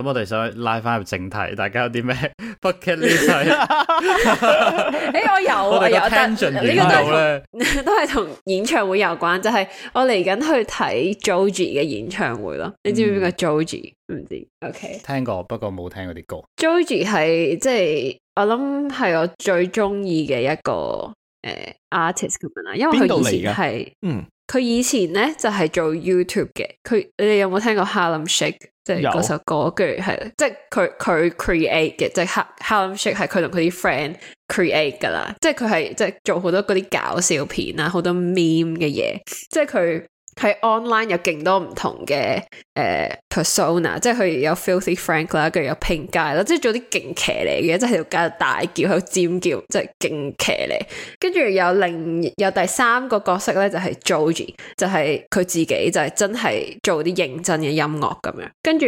咁我哋想拉翻入正題，大家有啲咩 bucket list？哎，我有啊，有跟進呢度咧，都係同演唱會有關。就係我嚟緊去睇 Joji 嘅演唱會咯。你知唔知邊個 Joji？唔知？OK，聽過，不過冇聽嗰啲歌。Joji 係即係我諗係我最中意嘅一個誒 artist 咁樣啦，因為佢以前係嗯，佢以前咧就係做 YouTube 嘅。佢你哋有冇聽過 Harlem Shake？即係嗰首歌，跟住係，即係佢佢 create 嘅，即係《How How Shit》係佢同佢啲 friend create 噶啦，即係佢係即係做好多嗰啲搞笑片啊，好多 meme 嘅嘢，即係佢，喺 online 有勁多唔同嘅誒、呃、persona，即係佢有 filthy frank 啦，跟住有 pink guy 啦，即係做啲勁騎呢嘅，即係條街大叫、好尖叫，即係勁騎呢。跟住有另有第三個角色咧，就係 Joji，就係佢自己，就係真係做啲認真嘅音樂咁樣。跟住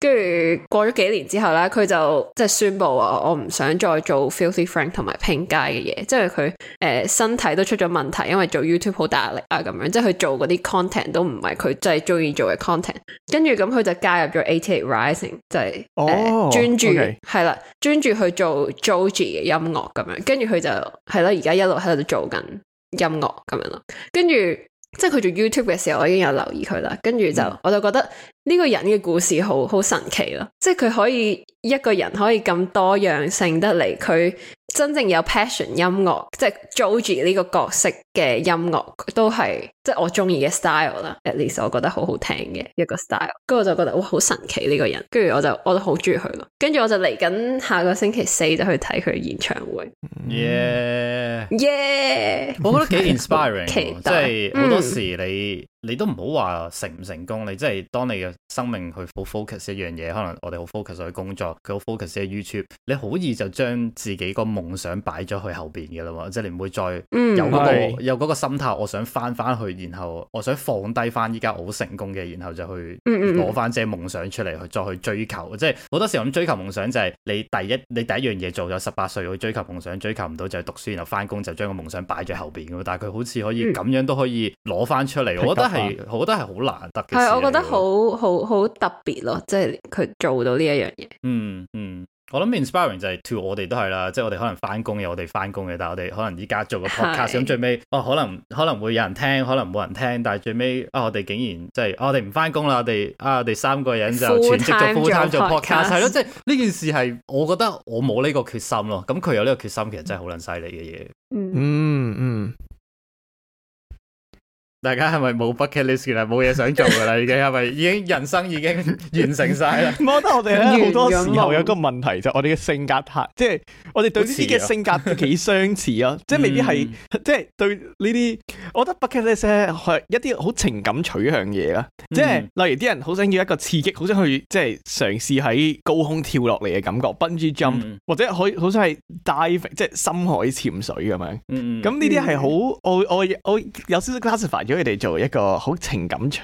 跟住過咗幾年之後咧，佢就即係宣布啊，我唔想再做 filthy frank 同埋 pink guy 嘅嘢，即係佢誒身體都出咗問題，因為做 YouTube 好大壓力啊，咁樣即係佢做嗰啲。content 都唔係佢真係中意做嘅 content，跟住咁佢就加入咗 88rising 就係專注係啦 Okay.，專注去做 Joji 嘅音樂咁樣，跟住佢就係咯，而家一路喺度做緊音樂咁樣咯，跟住即係佢做 YouTube 嘅時候，我已經有留意佢啦，跟住就我就覺得呢個人嘅故事好好神奇咯，即係佢可以一個人可以咁多樣性得嚟，佢。真正有 passion 音樂，即係 Joji 呢個角色嘅音樂，都係即係我中意嘅 style 啦。At least 我覺得好好聽嘅一個 style，跟住我就覺得哇好神奇呢個人，跟住我就我都好中意佢咯。跟住我就嚟緊下，下個星期四就去睇佢嘅演唱會。耶耶！我覺得幾 inspiring， [laughs] 期待即係好多時你、嗯。你都唔好話成唔成功，你即係當你嘅生命去好 focus 一樣嘢，可能我哋好 focus 去工作，佢好 focus 喺 YouTube，你好易就將自己個夢想擺咗去後邊嘅啦，即係你唔會再有嗰、嗰個有嗰個心態，我想翻翻去，然後我想放低翻依家我好成功嘅，然後就去攞翻遮夢想出嚟去再去追求。即係好多時候咁追求夢想就係你第一你第一樣嘢做咗十八歲去追求夢想，追求唔到就係讀書，然後翻工就將個夢想擺咗後邊嘅，但係佢好似可以咁、嗯、樣都可以攞翻出嚟，我覺得。係、啊啊，我覺得係好難得嘅。係、嗯，我覺得好好好特別咯、啊，即係佢做到呢一樣嘢。嗯嗯，我諗 inspiring 就係 to，我哋都係啦，即係我哋可能翻工嘅，我哋翻工嘅，但係我哋可能依家做個 podcast，咁是最尾，哦、啊，可能可能會有人聽，可能冇人聽，但係最尾，啊，我哋竟然即係，我哋唔翻工啦，我哋啊，我哋、啊、三個人就全職做 full time 做 podcast，係咯，即係呢件事係，我覺得我冇呢個決心咯、啊，咁佢有呢個決心，其實真係好撚犀利嘅嘢。嗯嗯。嗯嗯大家係咪冇 bucket list 啦？冇嘢想做㗎啦，已經係咪已經人生已經完成晒啦？ [laughs] 我覺得我哋咧好多時候有一個問題，就是、我哋嘅性格太，即、就、係、是、我哋對呢啲嘅性格幾、就是、相似啊！ [laughs] 嗯、即係未必係，即、就、係、是、對呢啲，我覺得 bucket list 係一啲好情感取向嘢啦。即、就、係、是、例如啲人好想要一個刺激，好想去即係嘗試喺高空跳落嚟嘅感覺，bungee jump，、嗯、或者可好想係 dive 即係深海潛水咁樣，咁呢啲係好我我我有，有少少 classify 咗。佢哋做一個好情感取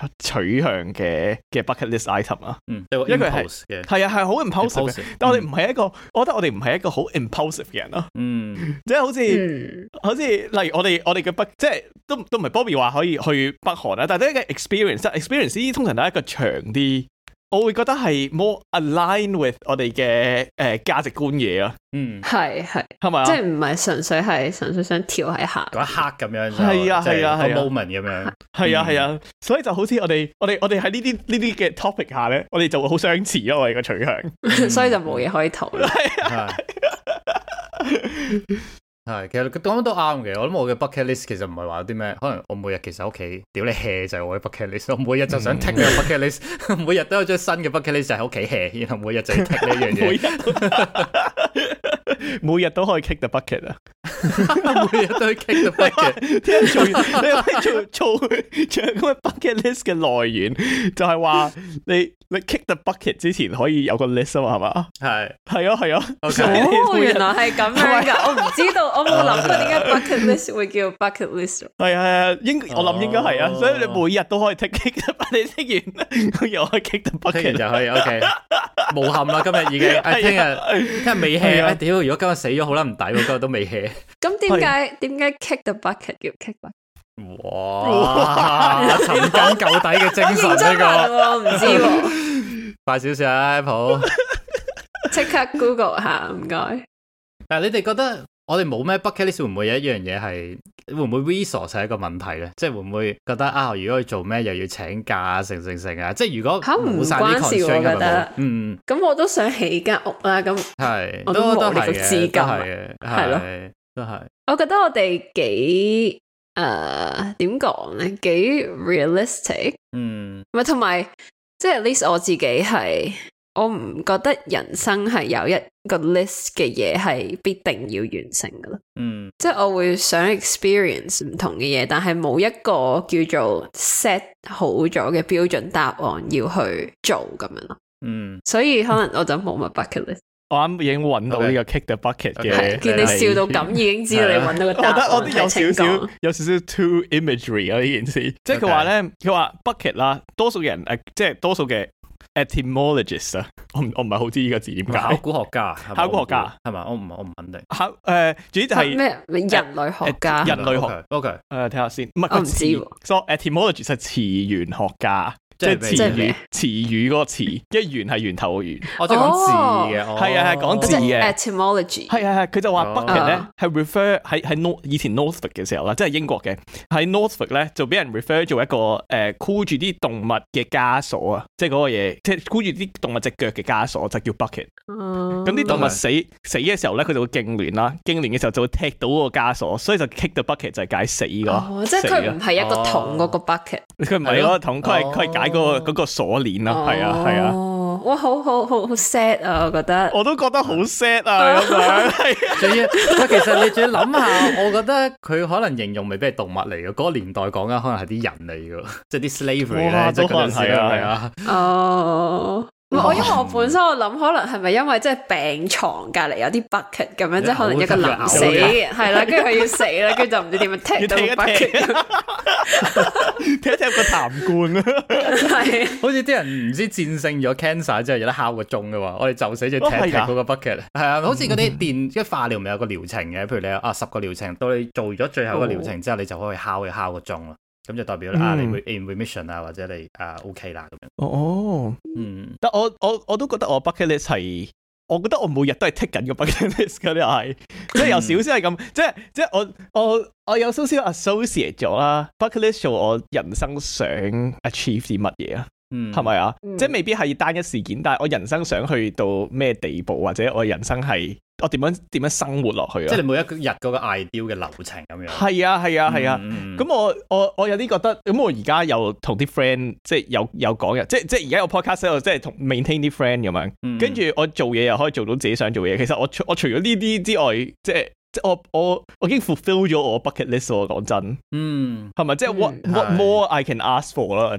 向嘅嘅 bucket list item 啊、嗯，因為佢係係啊係好 impulsive 嘅，但我哋唔係一個，嗯、我覺得我哋唔係一個好 impulsive 嘅人咯，嗯，即係好似、嗯、好似例如我哋我哋嘅北即係都都唔係 Bobby 話可以去北韓啊，但係呢個 experience，即係 experience 通常都係一個長啲。我會覺得係 more align with 我哋嘅誒價值觀嘢咯、啊，嗯係係係咪即係唔係純粹係純粹想跳喺下嗰一刻咁樣，啊啊、樣，係啊係啊係 moment 咁樣，係啊係啊，啊啊嗯、所以就好似我哋我哋我哋喺呢啲呢啲嘅 topic 下咧，我哋就會好相似咯、啊，我哋個取向，嗯、 [laughs] 所以就冇嘢可以逃啦。 [laughs] [laughs] 係，其實佢講得都啱嘅。我諗我嘅 bucket list 其實唔係話有啲咩，可能我每日其實喺屋企屌你 hea 就係我嘅 bucket list。我每日就想聽你嘅 bucket list，每日都有張新嘅 bucket list 就喺屋企 hea，然後每日就係聽呢樣嘢。每日都可以 kick the bucket 啊！每日都可以 kick the bucket。聽日做完，聽日可以做做做嗰 bucket list 嘅來源，就係話你你 kick the bucket 之前可以有個 list 啊嘛，係嘛？係係啊係啊。哦，原來係咁樣㗎，我唔知道，我冇諗過點解 bucket list 會叫做 bucket list。係係係，應我諗應該係啊，所以你每日都可以 take kick，你踢完又可以 kick the bucket，就可以 OK。無憾啦，今日已經。係。聽日聽日未 hea 啊！屌，如果今日死咗好啦，唔抵喎，今日都未 hea。咁點解點解 kick the bucket 叫 kick 咧？哇！尋根究底嘅精神呢個，唔、 [laughs] 啊、 [laughs] 知、啊、 [laughs] 快少少 Apple，即刻 Google 下，唔該。嗱、啊，你哋覺得？我哋冇咩 bucket list，會唔會有一樣嘢，係會唔會 resource 係一個問題咧？即係會唔會覺得啊？如果去做咩又要請假成成成啊！即係如果吓唔關事，我覺得嗯，咁我都想起間屋啦、啊。咁係，都都係嘅，都係嘅，係咯，都係。我覺得我哋幾誒點講咧？幾 realistic，嗯，咪同埋即係 at least 我自己係。我唔覺得人生係有一個 list 嘅嘢係必定要完成噶咯，嗯，即係我會想 experience 唔同嘅嘢，但係冇一個叫做 set 好咗嘅標準答案要去做咁樣咯，嗯，所以可能我就冇乜 bucket list。我啱已經揾到呢個 kick the bucket 嘅、okay. Okay , okay.，見你笑到咁，已經知道你揾到個答案係成功。有少少有少少 too imagery 啊、喔、呢件事，即係佢話咧，佢話 bucket 啦，多數人誒，即係多數嘅。Etymologist, 我唔我唔係好知呢個字點解。考古學家，考古學家係咪？我唔我唔肯定。考誒、呃，主要就係、是、咩人類學家，呃、人類學。OK，誒 okay.、呃，睇下先，唔係佢詞。所以 a、etymologist 係詞源學家。即係詞語，詞語嗰個詞，一源係源頭嘅源，我即係講字嘅，係啊係講字嘅，etymology 係係係。佢就話 bucket 咧係 refer 喺喺 north 以前 Northwick 嘅時候啦，即係英國嘅喺 Northwick 咧就俾人 refer 做一個誒箍住啲動物嘅枷鎖啊，即係嗰個嘢，即係箍住啲動物隻腳嘅枷鎖就叫 bucket。咁啲動物死死嘅時候咧，佢就會痙攣啦，痙攣嘅時候就會踢到個枷鎖，所以就 kick the bucket 就係解死㗎。即係佢唔係一個桶嗰個 bucket，佢唔係嗰桶，佢係佢係解。睇個嗰個鎖鏈啦，係、oh. 啊，係啊，哇，好好好好 sad 啊，我覺得，我都覺得好 sad 啊，咁樣、oh. 啊，仲要，其實你仲要諗下，我覺得佢可能形容未必係動物嚟嘅。嗰個年代講緊可能係啲人嚟嘅，即係啲 slavery 咧，即係嗰陣時啊，係啊，哦。 [laughs] [laughs] 我因為我本身我諗，可能係咪因為即係病床隔籬有啲 bucket 咁樣，即係可能一個男死，係啦，跟住佢要死啦，跟住就唔知點樣踢到 bucket，踢一踢，踢一踢個痰罐啊！係，好似啲人唔知戰勝咗 cancer 之後有得敲個鐘嘅話，我哋就死住踢踢嗰個 bucket 咧。係啊，好似嗰啲電即係化療，咪有個療程嘅。譬如你啊十個療程，到你做咗最後一個療程之後，你就可以敲一敲個鐘啦。咁就代表啦啊，你會 in remission 啊，或者你啊、uh, OK 啦咁樣。哦，嗯，但我我我都覺得我 bucket list 係，我覺得我每日都係 tick 緊個 bucket list 嗰啲嘢，即係由少少係咁，即係即係我我我有少少 associate 咗啦，bucket list 做我人生想 achieve 啲乜嘢啊，係咪啊？即係未必係單一事件，但係我人生想去到咩地步，或者我人生係。我點樣點樣生活落去啊？即係你每一日嗰個 ideal 嘅流程咁樣。係啊係啊係啊，咁、啊啊 mm hmm. 我我我有啲覺得，咁我而家又同啲 friend 即係有有講嘅，即係即係而家有 podcast 喺度，即係同 maintain 啲 friend 咁樣，跟住我做嘢又可以做到自己想做嘢。其實我除我除咗呢啲之外，即係。即我我我已經 fulfill 咗我 bucket list 啦，講真。嗯，係咪即係 what、嗯、what more I can ask for 啦？或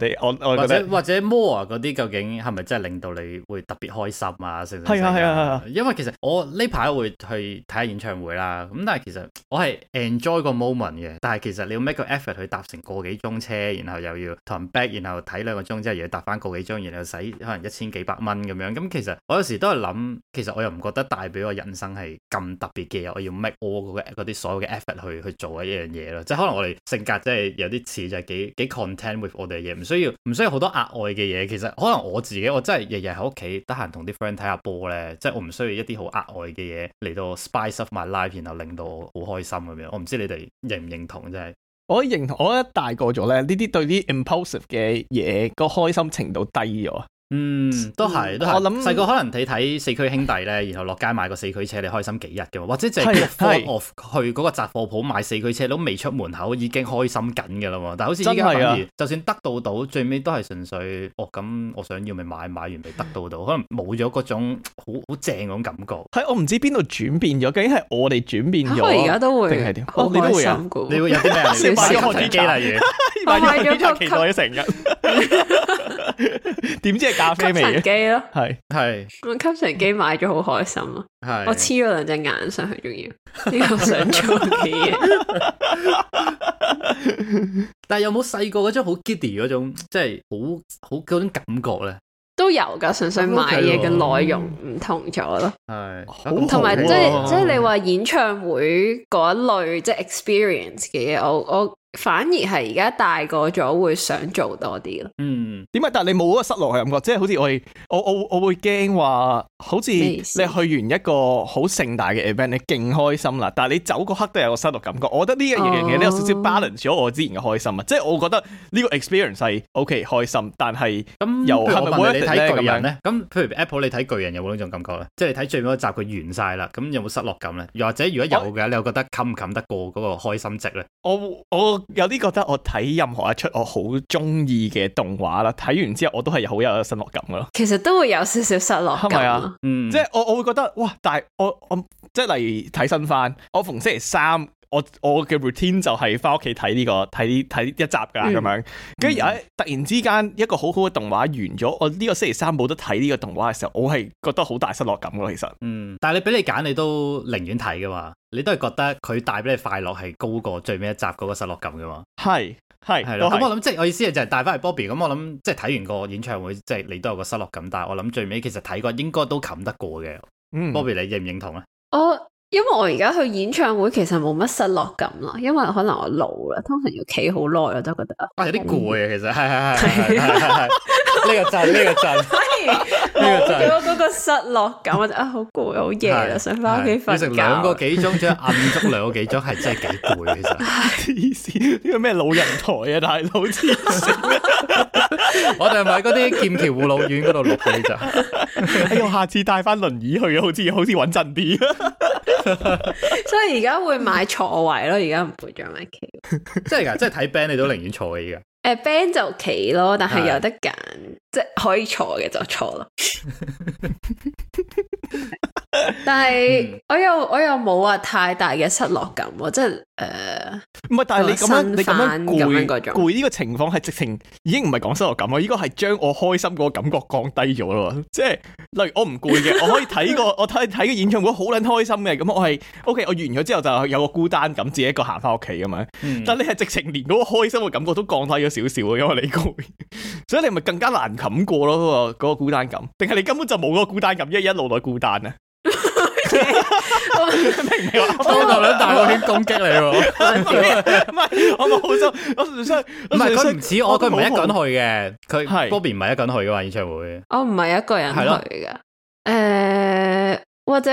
者 [laughs] 或者 more 嗰啲究竟係咪真係令到你會特別開心啊？係啊係啊係啊！啊啊啊因為其實我呢排會去睇下演唱會啦，咁但係其實我係 enjoy 個 moment 嘅，但係其實你要 make 個 effort 去搭成個幾鐘車，然後又要 turn back，然後睇兩個鐘之後又要搭翻個幾鐘，然後使可能一千幾百蚊咁樣，咁其實我有時都係諗，其實我又唔覺得代表我人生係咁特別嘅我要 make。我嘅嗰啲所有嘅 effort 去去做嘅一樣嘢咯，即係可能我哋性格真係有啲似就係幾幾 content with 我哋嘅嘢，唔需要唔需要好多額外嘅嘢。其實可能我自己我真係日日喺屋企得閒同啲 friend 睇下波咧，即係我唔需要一啲好額外嘅嘢嚟到 spice up my life，然後令到我好開心咁樣，我唔知你哋認唔認同真係。我認同，我覺得大個咗咧，呢啲對啲 impulsive 嘅嘢個開心程度低咗。嗯，都係，都係。我諗細個可能睇睇四驅兄弟咧，然後落街買個四驅車，你開心幾日嘅，或者淨係去嗰個雜貨鋪買四驅車，都未出門口已經開心緊嘅啦嘛。但係好似依家反而，就算得到到，最尾都係純粹哦，咁我想要咪買，買完咪得到到，可能冇咗嗰種好好正嗰種感覺。係我唔知邊度轉變咗，究竟係我哋轉變咗，而家、啊、都會定係點？你會、啊、你有 [laughs] [laughs] 你會有啲人少買啲手機啦，而但係要期待成日，點知？吸塵機咯，係係。我吸塵機買咗好開心啊！是我黐咗兩隻眼上去，仲要呢、這個想做嘅嘢。 [laughs] [laughs] 但係有冇細個嗰種好 giddy 嗰種，即係好好嗰種感覺咧？都有噶，純粹買嘢嘅內容唔同咗咯。係，同埋即係 [laughs] 即係你話演唱會嗰一類，即係 experience 嘅嘢，我我。反而係而家大個咗，會想做多啲咯。嗯，點解？但係你冇嗰個失落嘅感覺，即係好似我，我，我我我會驚話，好似你去完一個好盛大嘅 event，你勁開心啦。但係你走嗰刻都有個失落感覺。我覺得呢樣樣嘢你有少少 balance 咗我之前嘅開心啊。即係我覺得呢個 experience，係 okay 開心，但係咁又我問你睇巨人咧？咁樣譬如 Apple，你睇巨人有冇呢種感覺咧？即係你睇最尾一集佢完晒啦，咁有冇失落感咧？又或者如果有嘅，我你又覺得冚唔冚得過嗰個開心值咧？我我。有啲覺得我睇任何一出我好中意嘅動畫啦，睇完之後我都係好有失落感咯。其實都會有少少失落感。係咪啊？嗯即，即係我我會覺得哇，但係我我即係例如睇新番，我逢星期三。我我嘅 routine 就係翻屋企睇呢個睇睇一集噶咁、嗯、樣，跟住突然之間一個好好嘅動畫完咗，我呢個星期三冇得睇呢個動畫嘅時候，我係覺得好大失落感噶，其實。嗯，但係你俾你揀，你都寧願睇噶嘛？你都係覺得佢帶俾你快樂係高過最尾一集嗰個失落感噶嘛？係係係。我我諗即係我意思就係帶翻嚟，Bobby 咁我諗即係睇完個演唱會即係你都有個失落感，但係我諗最尾其實睇過應該都冚得過嘅。Bobby 你認唔認同咧？我。因為我而家去演唱會其實冇乜失落感囉，因為可能我老啦，通常要企好耐我都覺得，啊，有啲攰啊。其實係係係係，呢、 [laughs] 個陣呢 [laughs] 個陣。 [laughs] 俾我個失落感，啊、是我就啊好攰，好夜啦，想翻屋企瞓，其實要成兩個幾鐘，仲要硬足兩個幾鐘，係真係幾攰啊！其實，黐線， [laughs] 呢個咩老人台啊，大佬黐線。我哋係咪嗰啲劍橋護老院嗰度錄嘅咋？集。哎呀，下次帶翻輪椅去啊，好似好似穩陣啲。 [laughs] [laughs] 所以而家會買坐位咯，而家唔會再買企位。即係噶，即係睇 band 你都寧願坐位嘅依家。誒，band 就企咯，但係有得揀，即係可以坐嘅就坐咯。 [laughs] 但係我又我又冇話太大嘅失落感，即係誒，唔係，但係你咁樣伸番 你咁樣攰呢個情況係直情已經唔係講失落感啊，應該係將我開心嗰個感覺降低咗咯。即係，例如我唔攰嘅，我可以睇個 [laughs] 我睇睇個演唱會好捻開心嘅，咁我係 O K，我完咗之後就有個孤單感，自己一個行翻屋企咁樣。但你係直情連嗰個開心嘅感覺都降低咗少少啊，因為你攰，所以你咪更加難冚過咯嗰個個孤單感，定係你根本就冇個孤單感，因為一一路來孤單啊？明當兩大老點攻擊你？唔係我冇做，我唔想。唔係佢唔似我，佢唔係一個人去嘅。佢 Bobby 唔係一個人去嘅嘛，演唱會。我唔係一個人去嘅。誒是，或者。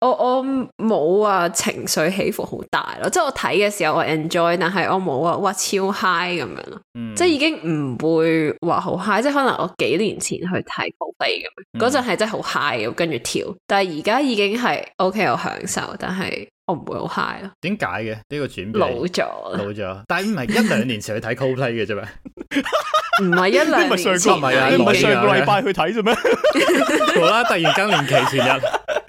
我我冇啊，情緒起伏好大咯，即係我睇嘅時候我 enjoy，但係我冇啊，哇超 high 咁樣咯，嗯、即係已經唔會話好 high，即係可能我幾年前去睇 Coldplay 咁樣，嗰陣係真係好 high 咁跟住跳，但係而家已經係 ok，我享受，但係我唔會好 high 咯。點解嘅呢、這個轉變？老咗了，老咗。但係唔係一兩年前去睇 Coldplay 嘅啫咩？唔係一兩，唔係上個禮拜去睇啫咩？好 [laughs] 啦， [laughs] 突然更年期前日。 [laughs]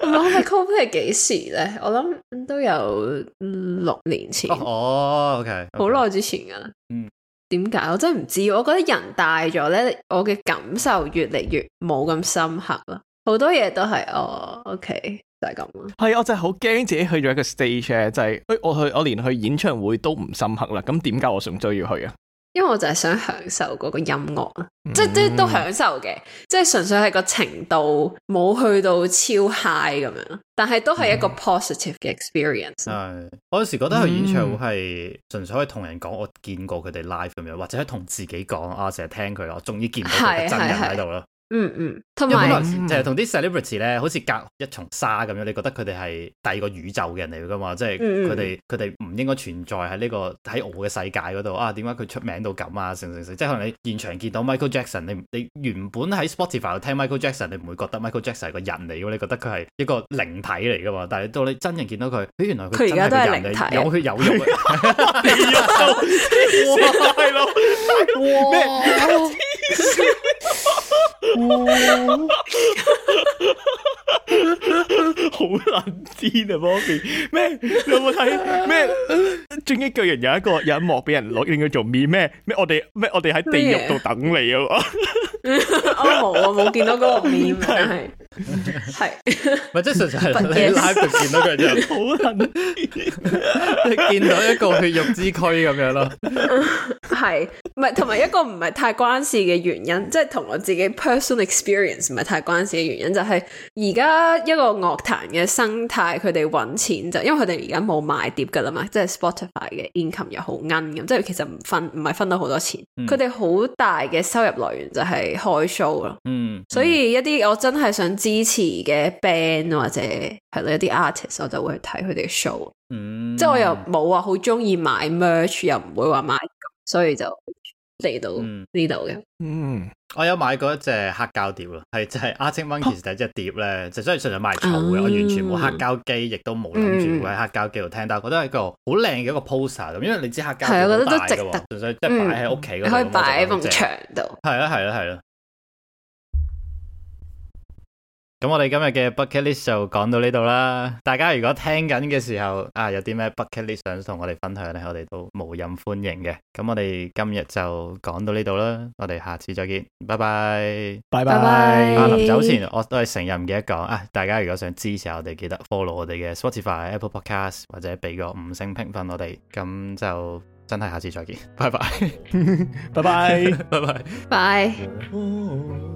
我係 cover 係幾時咧？我諗都有六年前哦。Oh, OK，好、okay. 好耐之前噶啦。嗯、mm.，點解我真係唔知？我覺得人大咗咧，我嘅感受越嚟越冇咁深刻啦。好多嘢都係哦。Oh, OK，就係咁咯。係啊，我真係好驚自己去咗一個 stage 就係、是、我去我連去演唱會都唔深刻啦。咁點解我仲追要去啊？因為我就係想享受嗰個音樂啊、嗯，即係都享受嘅，即係純粹係個程度冇去到超 high 咁樣，但係都係一個 positive 嘅 experience。係、嗯，我有時覺得去演唱會係純粹可以同人講我見過佢哋 live 咁樣，或者係同自己講啊，成日聽佢咯，我終於見到佢真人喺度咯。嗯嗯，同、嗯、埋就係同啲 celebrity 咧，好似隔一重沙咁樣，你覺得佢哋係第二個宇宙嘅人嚟噶嘛？即係佢哋佢哋唔應該存在喺呢、這個喺我嘅世界嗰度啊？點解佢出名到咁啊？成成即係可能你現場見到 Michael Jackson，你你原本喺 Spotify 度聽 Michael Jackson，你唔會覺得 Michael Jackson 係個人嚟噶？你覺得佢係一個靈體嚟噶嘛？但係到你真人見到佢，誒，原來佢而家都係靈體，有血有肉。係咯，哇哇哇好難 [laughs] [laughs] 知啊 Bobby 你有冇睇咩？進擊巨人有一個有一幕俾人攞應該做咩咩？我哋咩？我哋喺地獄度等你啊！ [laughs] [laughs] 哦、我冇啊，冇見到嗰個咩。係，咪 [laughs] 是 [laughs] 即係純粹係你 live 住見到個人，好你見到一個血肉之軀咁樣咯。係， [laughs] [laughs] 唔係同埋一個唔係太關事嘅原因，即係同我自己 personal experience 唔係太關事嘅原因，就係而家一個樂壇嘅生態，佢哋搵錢就因為佢哋而家冇賣碟噶啦嘛，即係 Spotify 嘅 income 又好奀咁，即係其實唔分唔係分到好多錢，佢哋好大嘅收入來源就係開 show 咯、嗯。嗯，所以一啲我真係想。支持嘅 band 或者係咧一啲 artist，我就會去睇佢哋嘅 show，、嗯、即係我又冇話好中意買 merch，又唔會話買，所以就嚟到呢度嘅。嗯，我有買過一隻黑膠碟咯，係就係阿青 monkey 第一隻碟咧，就雖然上粹賣草嘅，我完全冇黑膠機，亦都冇諗住會喺黑膠機度聽，但係我覺得係一個好靚嘅一個 poster，因為你知黑膠係，我覺得都值得純、嗯，純粹即係擺喺屋企，可以擺喺幅牆度，係啦係啦係啦。咁我哋今日嘅 bucket list 就講到呢度啦。大家如果聽緊嘅時候啊，有啲咩 bucket list 想同我哋分享呢？我哋都無任歡迎嘅。咁我哋今日就講到呢度啦。我哋下次再見，拜拜，拜拜 bye。啊，臨走前我都係成日唔記得講啊，大家如果想支持我哋，記得 follow 我哋嘅 Spotify、Apple Podcast 或者俾個五星評分我哋。咁就真係下次再見，拜拜，拜 [laughs] 拜 [laughs] Bye bye，拜拜，拜。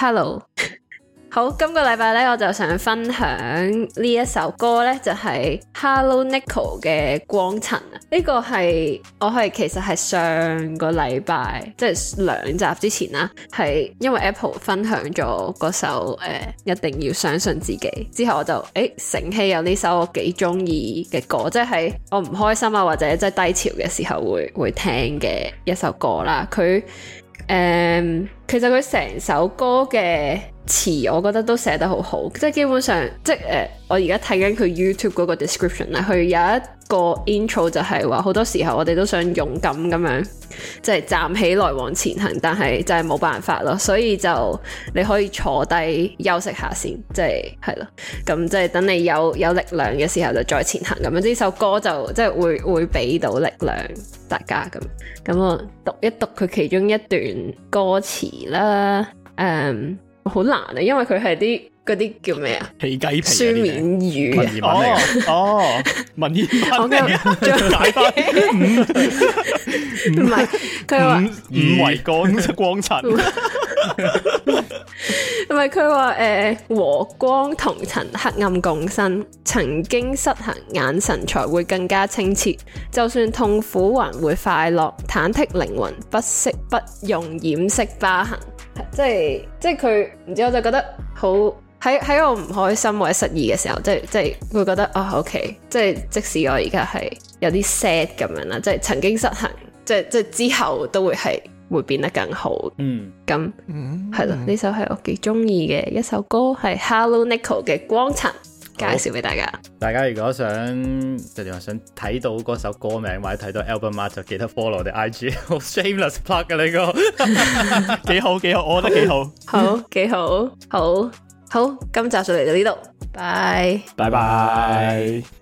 Hello， [laughs] 好，今個禮拜咧，我就想分享呢一首歌咧，就係 Hello Nico 嘅《光塵》啊。呢個係我係其實係上個禮拜，即係兩集之前啦，係因為 Apple 分享咗嗰首誒、呃，一定要相信自己。之後我就誒醒起有呢首我幾中意嘅歌，即係我唔開心啊或者即係低潮嘅時候會會聽嘅一首歌啦。佢誒。嗯其實佢成首歌嘅詞，我覺得都寫得好好，即係基本上，即係、呃、我而家睇緊佢 YouTube 嗰個 description 啦。佢有一個 intro 就係話，好多時候我哋都想勇敢咁樣，即係站起來往前行，但係就係冇辦法咯。所以就你可以坐低休息下先，即係係咯，咁即係等你有有力量嘅時候就再前行咁樣。呢首歌就即係會會俾到力量大家咁。咁我讀一讀佢其中一段歌詞。啦，誒、嗯，好難啊，因為佢係啲嗰啲叫咩啊？起雞皮書面語 [laughs] 哦哦文言文， [laughs] 我哋就再 [laughs] 解翻、嗯、五五唔係佢五五為光光塵、嗯。 [laughs] 同埋佢話誒，和光同塵，黑暗共生。曾經失衡，眼神才會更加清澈。就算痛苦，還會快樂。忐忑靈魂不不，不息，不用掩飾疤痕。即係即係佢唔知，我就覺得好喺喺我唔開心或者失意嘅時候，即係即係會覺得哦 o、okay, k 即係即，即使我而家係有啲 sad 咁樣啦，即係曾經失衡，即係即係之後都會係。會變得更好。嗯，咁，係咯，呢首係我幾中意嘅一首歌，係 Hello Nico 嘅《光塵》，介紹俾大家。大家如果想，就係話想睇到嗰首歌名或者睇到 album 就記得 follow 我哋 IG，好 shameless plug 嘅呢個， [laughs] [laughs] 幾好幾好，我覺得幾好，好幾好，好好。今集就嚟到呢度，拜拜拜。